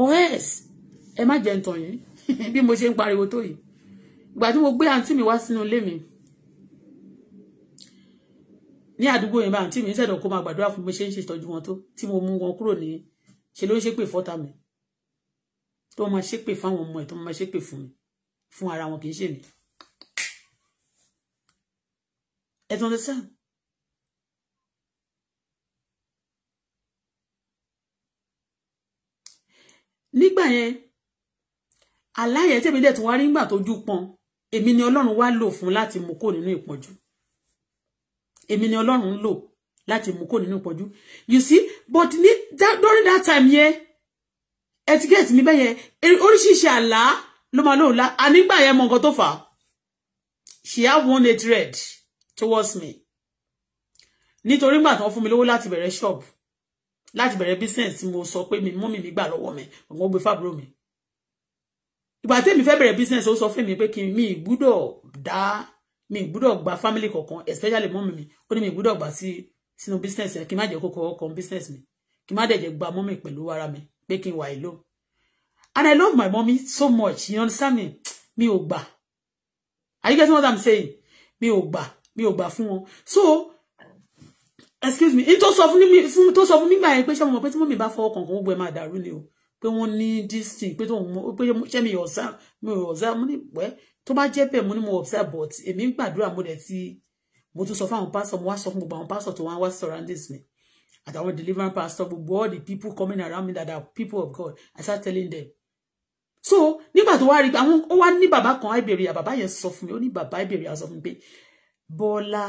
or else ẹ má jẹ́ ntàn yín [laughs] bí mo ṣe ń pariwo tó yìí ìgbà tí mo gbé àǹtí mi wá sínú ilé mi ní àdúgbò yẹn bá àǹtí mi sẹ̀dọ̀ kó máa gbàdúrà fún mi ṣe ń ṣètọ́jú wọn tó tí mo mú wọn kúrò ní ṣe ló ń ṣépè fọ́tà mi tó máa ṣépè fáwọn ọmọ ẹ̀ tó máa ṣépè fún mi fún ara wọn kì í ṣèmi ẹ̀ tó ń lọ nígbà yẹn aláyẹ tèmi dẹ̀ tún wá rí nígbà tójú pọn èmi ni ọlọ́run wá lò fún láti mú kó nínú ìpọ́njú èmi ni ọlọ́run lò láti mú kó nínú ìpọ́njú you see but ní during that time yẹn etiquette mi bẹ́yẹn oríṣiríṣi àlá ló máa lóòlá ànígbà yẹn mọ nǹkan tó fà á she have one hatred towards me nítorí gbà tán fún mi lówó láti bẹ̀rẹ̀ ṣọ́ọ̀bù láti bẹ̀rẹ̀ business mo sọ pé mi mọ́mì mi gbà lọ́wọ́ mi ọ̀gbọ́n gbé fábúrò mi ìgbà tẹ́mi fẹ́ bẹ̀rẹ̀ business ó sọ fún mi pé kí mi gbúdọ̀ dá mi gbúdọ̀ gba family kọ̀ọ̀kan especially mọ́mì mi ó ní mi gbúdọ̀ gbà sí sínú business yẹn kí n má jẹ́ kókó ọkàn business mi kí n má dẹ̀ jẹ́ gba mọ́mì pẹ̀lú ara mi pé kí n wà ìlò and I love my mommy so much you understand me mi ò gbà are you getting what I'm saying mi ò gbà mi ò gbà fún wọn so excuse me In tó sọ fún mi fún tó sọ fún mi gbà yẹn pé ṣé mo mọ̀ pé tí mo mi bá fọwọ́ kàn kàn gbogbo ẹ̀ máa dàrú ni o pé wọ́n ní this thing pé tó mọ pé ṣé mi ọ̀sá mi ọ̀sá mo ní pẹ́ tó bá jẹ́ bẹ́ẹ̀ mo ní mo ọ̀sá but èmi ń gbàdúrà mo dẹ̀ ti mo tún sọ fún àwọn pastor, mo wá sọ fún gbogbo àwọn pásọ tó wá wá surroundings mi àtàwọn deliverance pastor gbogbo all the people coming around me that are people of God I start telling them so nígbà tó wá rí àwọn ó wá ní bàbá kan àìbèrè àbàbá yẹn sọ fún mi ó ní bàbá àìbèrè àsọ fún mi pé Bọ́lá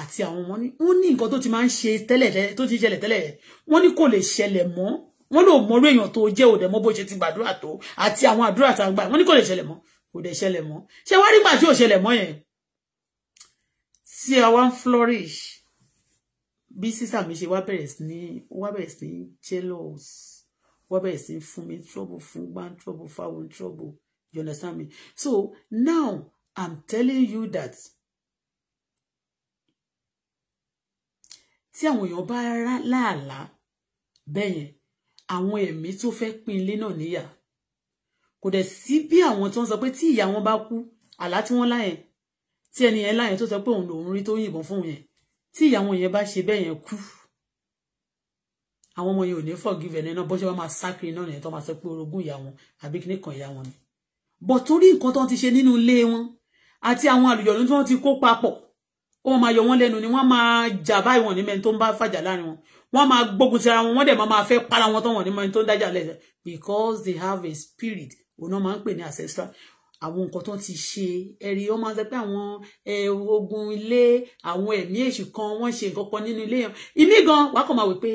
àti àwọn ọmọ ní wọ́n ní nǹkan tó ti máa ń ṣe tẹ́lẹ̀ tó ti ṣẹlẹ̀ tẹ́lẹ̀ wọ́n ní kò lè ṣẹlẹ̀ mọ́ wọ́n lò mọ́rú èèyàn tó jẹ́ òdẹ mọ́ bó ṣe ti gbàdúrà tó àti àwọn àdúrà tá a gbà wọ́n ní kò lè ṣẹlẹ̀ mọ́ kò dẹ̀ ṣẹlẹ̀ mọ́ ṣé wá nígbà tí ò ṣẹlẹ̀ mọ́ yẹn tí a wá ń flourish bí sísà mi ṣe wá bẹ̀rẹ̀ sí ní wá bẹ̀rẹ̀ sí ní jealous wá bẹ̀rẹ̀ sí ní fún mi trouble fún gbá trouble fáwọn trouble you understand me so now I'm telling you that tí àwọn èèyàn bá láàlá bẹ́ẹ̀ àwọn ẹ̀mí tó fẹ́ pín ilé náà níyà kò dẹ̀ sí bí àwọn tó ń sọ pé tí ìyá wọn bá kú àlá tí wọ́n láyẹn tí ẹni yẹn láyẹn tó sọ pé òun lòun rí tó yìnbọn fún yẹn tí ìyá wọn yẹn bá ṣe bẹ́ẹ̀ kú àwọn ọmọ yẹn ò ní forgive ẹni náà bó ṣe wá máa sákiri náà nìyẹn tó máa sọ pé orogún ìyá wọn àbí kíní kan ìyá wọn ni bọ̀ torí nǹkan tó ti ṣe nínú ilé wọn àti àwọn àlùjọ̀nù tí ti kó papọ̀ wọ́n máa yọ wọ́n lẹ́nu ni wọ́n máa jà báyìí wọ́n ní mẹ́ni tó ń bá fàjà láàrin wọn wọ́n máa gbógun ti ara wọn wọ́n dẹ̀ máa fẹ́ para wọn tó wọ́n ní mẹ́ni tó ń dájà lẹ́sẹ̀ because they have a spirit òun máa ń pè ní ancestral àwọn nǹkan tó ti ṣe ẹ̀rí wọ́n máa ń sọ pé àwọn ogun ilé àwọn ẹ̀mí èṣù kan wọ́n ṣe nǹkan kan nínú ilé yẹn ìmí gan wàá kàn máa wò pé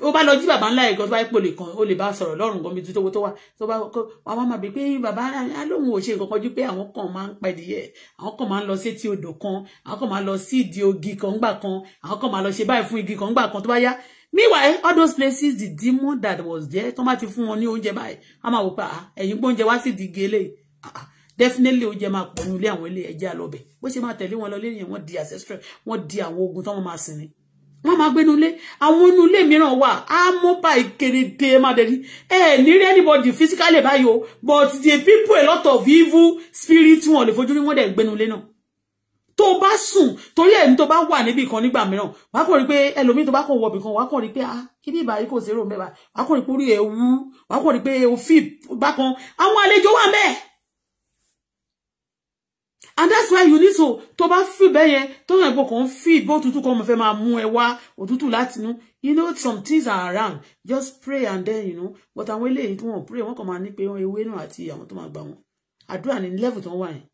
ó bá lọ jí bàbá ńlá ẹ̀gọ́ tó bá pò lè kàn ó lè bá sọ̀rọ̀ lọ́rùn gan mi ju tówó tó wà tó bá kó àwọn máa bí pé bàbá alóhùn ò ṣe nǹkan kan ju pé àwọn kan máa ń pẹ̀díyẹ àwọn kan máa ń lọ sétí odò kan àwọn kan máa lọ sí ìdí ogi kan ńgbà kan àwọn kan máa lọ ṣe báyìí fún igi kan ńgbà kan tó bá yá meanwhile all those places the demon that was there tó máa ti fún wọn ní oúnjẹ báyìí a máa wò pé ah, ẹ̀yin gbóúnjẹ wá sí ìdígi eléyìí ah, definitely oúnjẹ ma pọ̀ nílé àwọn ilé ẹ̀jẹ̀ alọ́bẹ̀ bó ṣe máa tẹ̀lé wọn lọ lẹ́yìn wọn di ancestral wọn di àwọn ogun tó wọn máa ni wọ́n máa gbénu ilé àwọn inú ilé mìíràn wà á mú bá ìkérédé mádẹ́rí ẹ ní rí anybody physically báyìí o but the people a lot of evil spirit wọn lè fojú rí wọ́n dẹ̀ gbénu ilé náà tó bá sùn torí ẹni tó bá wà níbì kan nígbà mìíràn wà á kàn rí pé ẹlòmíì tó bá kàn wọ̀bì kan wà á kàn rí pé ah kí ní ìbàyí kò zero mẹ́wàá wà á kàn rí pé orí ẹ̀ wú wà á kàn rí pé òfin bákan àwọn àlejò wà mẹ́ẹ̀ and that's why you need to tó bá feel bẹ́ẹ̀ yẹn tó yẹn gbọ́ kàn feel bó tútù kọ́ mo fẹ́ máa mú ẹ wá òtútù láti inú you know some things are around just pray and then you know but àwọn eléyìí tí wọ́n pray wọ́n kàn máa ní pé ewé náà àti àwọn to máa gbà wọ́n àdúrà ní level tó ń wà yẹn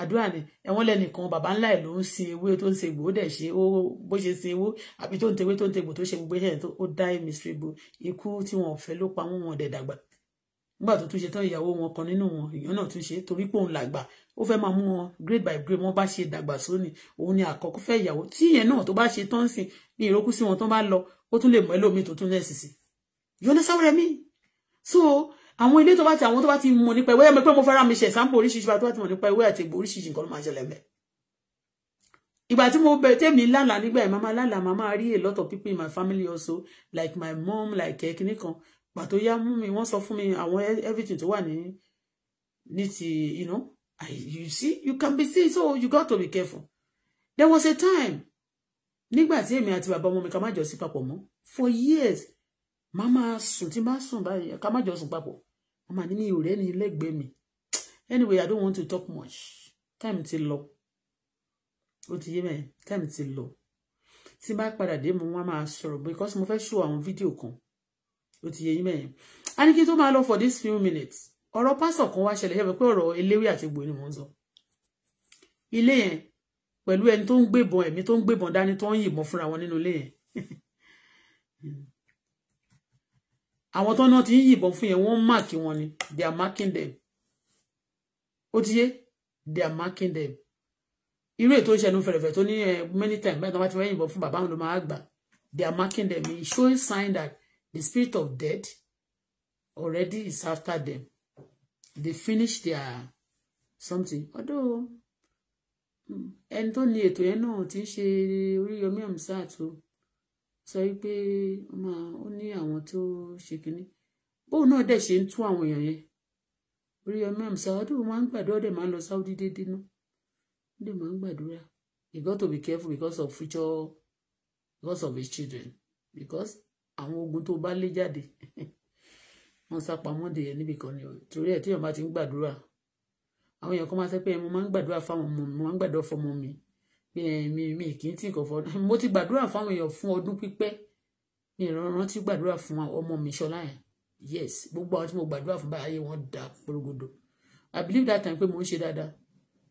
àdúrà ni ẹwọn lẹnìkan bàbá ńlá ẹ ló ń sin ewé tó ń ṣe gbòó dẹ ṣe ó bó ṣe sin ewó àbí tó ń We tó ń tegbò tó ṣe gbogbo ẹ tó ó dá mystery bo ikú tí wọn ò fẹ́ ló pa wọn wọn dẹ dàgbà nígbà tó tún ṣe tán ìyàwó wọn kan nínú wọn èèyàn náà tún ṣe torí pé òun làgbà ó fẹ́ máa mú wọn grade by grade wọn bá ṣe dàgbà sóni òun ni àkọ́kọ́ fẹ́ ìyàwó tí ìyẹn náà tó bá ṣe tán sìn ní ìrókù sí wọn tán bá lọ ó tún lè mọ ẹlòmíì tó tún nẹ́ẹ̀sì sí yọ̀ọ́nà sáwọ́rẹ́ mi so àwọn ilé tó bá ti àwọn tó bá ti mọ̀ nípa ìwé ẹ̀mí pé mo fẹ́ mi ṣe sample oríṣiríṣi tó bá ti mọ̀ nípa gbà tó yá mú mi wọ́n sọ fún mi àwọn everything tó wà ní ní ti you know I, you see you can be seen so you got to be careful there was a time nígbà tí èmi àti bàbá ọmọ mi ká má jọ sí papọ̀ mọ́ for years má máa sùn tí má sùn báyìí ká má jọ sùn papọ̀ má máa ní mi ò rẹ́ ni lẹ́gbẹ̀ẹ́ mi anyway I don't want to talk much time ti lọ ó ti yé mẹ́rin time ti lọ tí bá padà dé mo wá máa sọ̀rọ̀ because mo fẹ́ show àwọn fídíò kan ó ti yẹ yín mẹ́yìn a ní kí n tó máa lọ for this few minutes ọ̀rọ̀ pásọ̀ kan wá ṣẹlẹ̀ ṣẹ́fẹ̀ pé ọ̀rọ̀ eléwé àti egbò ni mò ń sọ ilé yẹn pẹ̀lú ẹni tó ń gbébọn ẹ̀mí tó ń gbébọn dání tó ń yìnbọn fúnra wọn nínú ilé yẹn [laughs] àwọn tó náà ti ń yìnbọn fún yẹn wọ́n máàkì wọn ni they are marking them ó ti yé they are marking them irú ètò ìṣẹ́nu fẹ̀rẹ̀fẹ̀ tó ní eh, many times báyìí tó bá ti fẹ́ yìnbọn fún bàbá àwọn ló máa gbà they are marking them it shows sign that The spirit of death already is after them. They finish their something. Although hmm, ẹni tó ní ètò yẹn náà ti ń ṣe Oríyọmí Hamzat o sọ wípé ó ní àwọn tó ṣe kínní bóun no. dẹ̀ ṣe ń tú àwọn èèyàn yẹn Oríyọmí Hamzat ọdún máa ń gbàdúrà dẹ̀ máa ń lọ Saudi déédéé náà ó dẹ̀ máa ń gbàdúrà you got to be careful because of future because of his children because àwọn ogun tó bá lé jáde [laughs] wọ́n sá pamọ́ de ẹ̀ níbì kan ni o torí ẹ̀ tí èèyàn bá ti ń gbàdúrà àwọn èèyàn kan máa sọ pé mo máa ń gbàdúrà fáwọn ọmọ mi mo máa ń gbàdúrà fọmọ mi mi mi mi kì í tì kọ̀ fọ́ mo ti gbàdúrà fáwọn èèyàn fún ọdún pípẹ́ mi ìrànràn ti gbàdúrà fún ọmọ mi ṣọlá yẹn yes gbogbo àwọn tí mo gbàdúrà fún báyìí wọn dà porogodo i believe that time pé mo ń ṣe dáadáa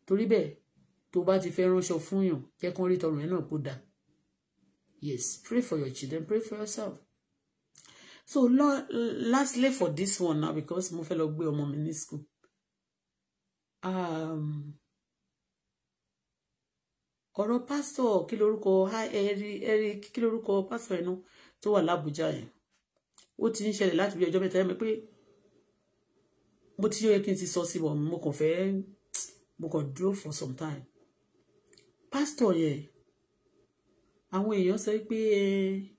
torí bẹ́ẹ̀ tó bá ti fẹ́ ránṣọ fún yàn jẹ́ kán rí tọrùn yẹn náà kó dáa yes pray for your children pray for yourself so lastly for this one now because mo fẹ́ lọ gbé ọmọ school um, Oro pastor kí hi eric kí lorúkọ pásítọ̀ ẹnu tó labuja lábújá yẹn ó ti ń ṣẹlẹ̀ láti bí ọjọ́ mẹ́ta yẹn pé mo ti yẹ kí ti sọ sí wọn mo kàn fẹ́ mo kàn dúró for some time Pastor yẹn àwọn èèyàn sọ pé. Eh,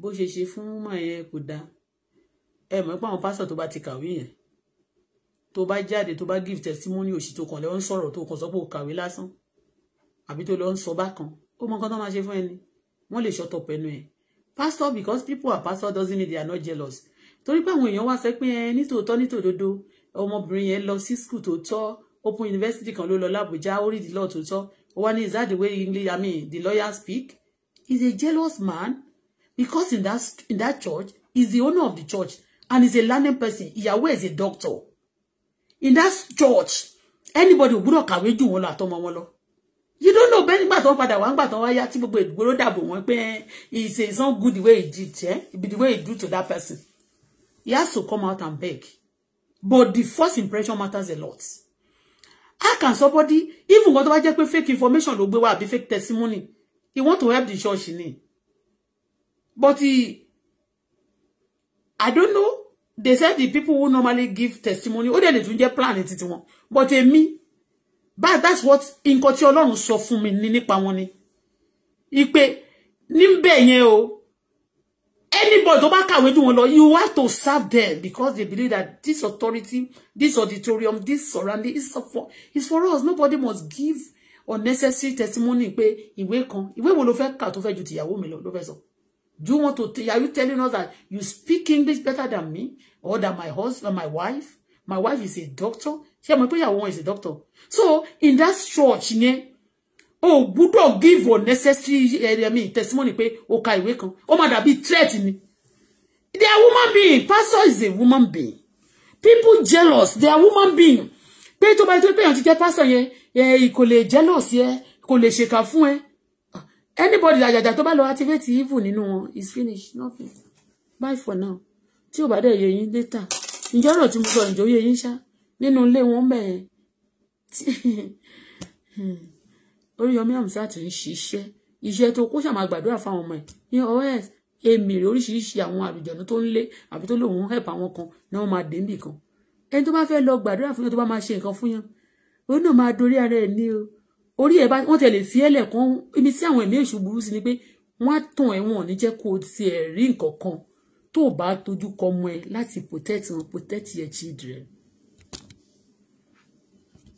bó ṣe ṣe fún mọ̀ yẹn kò dáa ẹ mọ̀ pé àwọn pásítọ̀ tó bá ti kàwé yẹn tó bá jáde tó bá give testimony òṣì tó kàn lọ́n sọ̀rọ̀ tó kàn sọ pé ó kàwé lásán àbí tó lọ́n sọ bákan ó mọ nǹkan tó máa ṣe fún ẹni wọ́n lè ṣọ́tọ̀ pẹ̀lú ẹ̀ pastor because people are pastor doesn't mean they are not jealous torí pé àwọn èèyàn wá sọ pé ẹ nítòótọ́ nítòdodo ọmọbìnrin yẹn lọ sí school tó tọ́ open university kan ló lọ lábújá ó rí the law tó tọ́ ó wá ní is that the way English I mean the lawyer speak is a jealous man because in that in that church is the owner of the church and is a learning person ìyàwó is a doctor in that church anybody ò not carry jù wọn lọ àtọmọ you don't know bẹ́ẹ̀ nígbà tó ń padà wá nígbà tó ń wáyá tí gbogbo ìdúgbò ló dàbò wọn he say it's good way he did eh? the way he do to that person he has to come out and beg but the first impression matters a lot how can somebody even nǹkan tó bá jẹ́ fake information ló gbé wá fake testimony he want to help the church ni But he, eh, I don't know. They said the people who normally give testimony, oh, dẹ̀ lè tún jẹ́ plan títí wọn. But eh, me, but that's what in tí Ọlọ́run sọ fún mi ní nípa wọn ni. Ipe níbẹ̀ yẹn o. Anybody tó bá kàwé jù wọn you have to serve them because they believe that this authority, this auditorium, this surrounding is for is for us. Nobody must give unnecessary testimony pé ìwé kan, ìwé wo ló fẹ́ kà tó fẹ́ ju tìyàwó mi lọ ló fẹ́ sọ. Do you want to, are you telling us that you speak English better than me or than my husband, my wife? My wife is a doctor. She, my prayer one is a doctor. So in that church, oh, o gbọ́dọ̀ give unnecessary, area eh, me testimony Pay o wake ìwé Oh, Ó be threatening. They are woman being. Pastor is a woman being. People jealous. They are woman being. Pay to buy to pay. èèyàn ti jẹ́ pastor yẹn, he eh, lè jealous yẹn, kò lè ṣèkà fún ẹ anybody that àjàjà tó bá lọ activate evil nínú wọn is finished nothing bye for now tí ò bá dẹ̀ yẹ yín data ǹjẹ́ ọ̀rọ̀ tí mo sọ ǹjọ́ yẹ yín ṣá nínú ilé wọn bẹ́ẹ̀ [laughs] Oríyọmí Hamzat ń ṣiṣẹ́ iṣẹ́ tó kó ṣàmà gbàdúrà fáwọn ọmọ ẹ̀ ní os èmi rè oríṣiríṣi àwọn àlùjọ̀nù tó ń lé àbí tó lòun help àwọn kan ni wọ́n máa dé níbì kan ẹni tó bá fẹ́ lọ gbàdúrà fún yàn tó bá máa ṣe nǹkan fún yàn òun náà máa ara ẹ̀ ní o orí ẹ̀ bá wọ́n tẹ̀lé fi ẹ̀lẹ̀ kan ibi tí àwọn ẹ̀mí èṣù burú sí ni pé wọ́n á tàn ẹ́ wọn ò ní jẹ́ kó o tiẹ̀ rí nǹkan kan tó o bá tójú kọ ọmọ ẹ láti protect wọn protect your children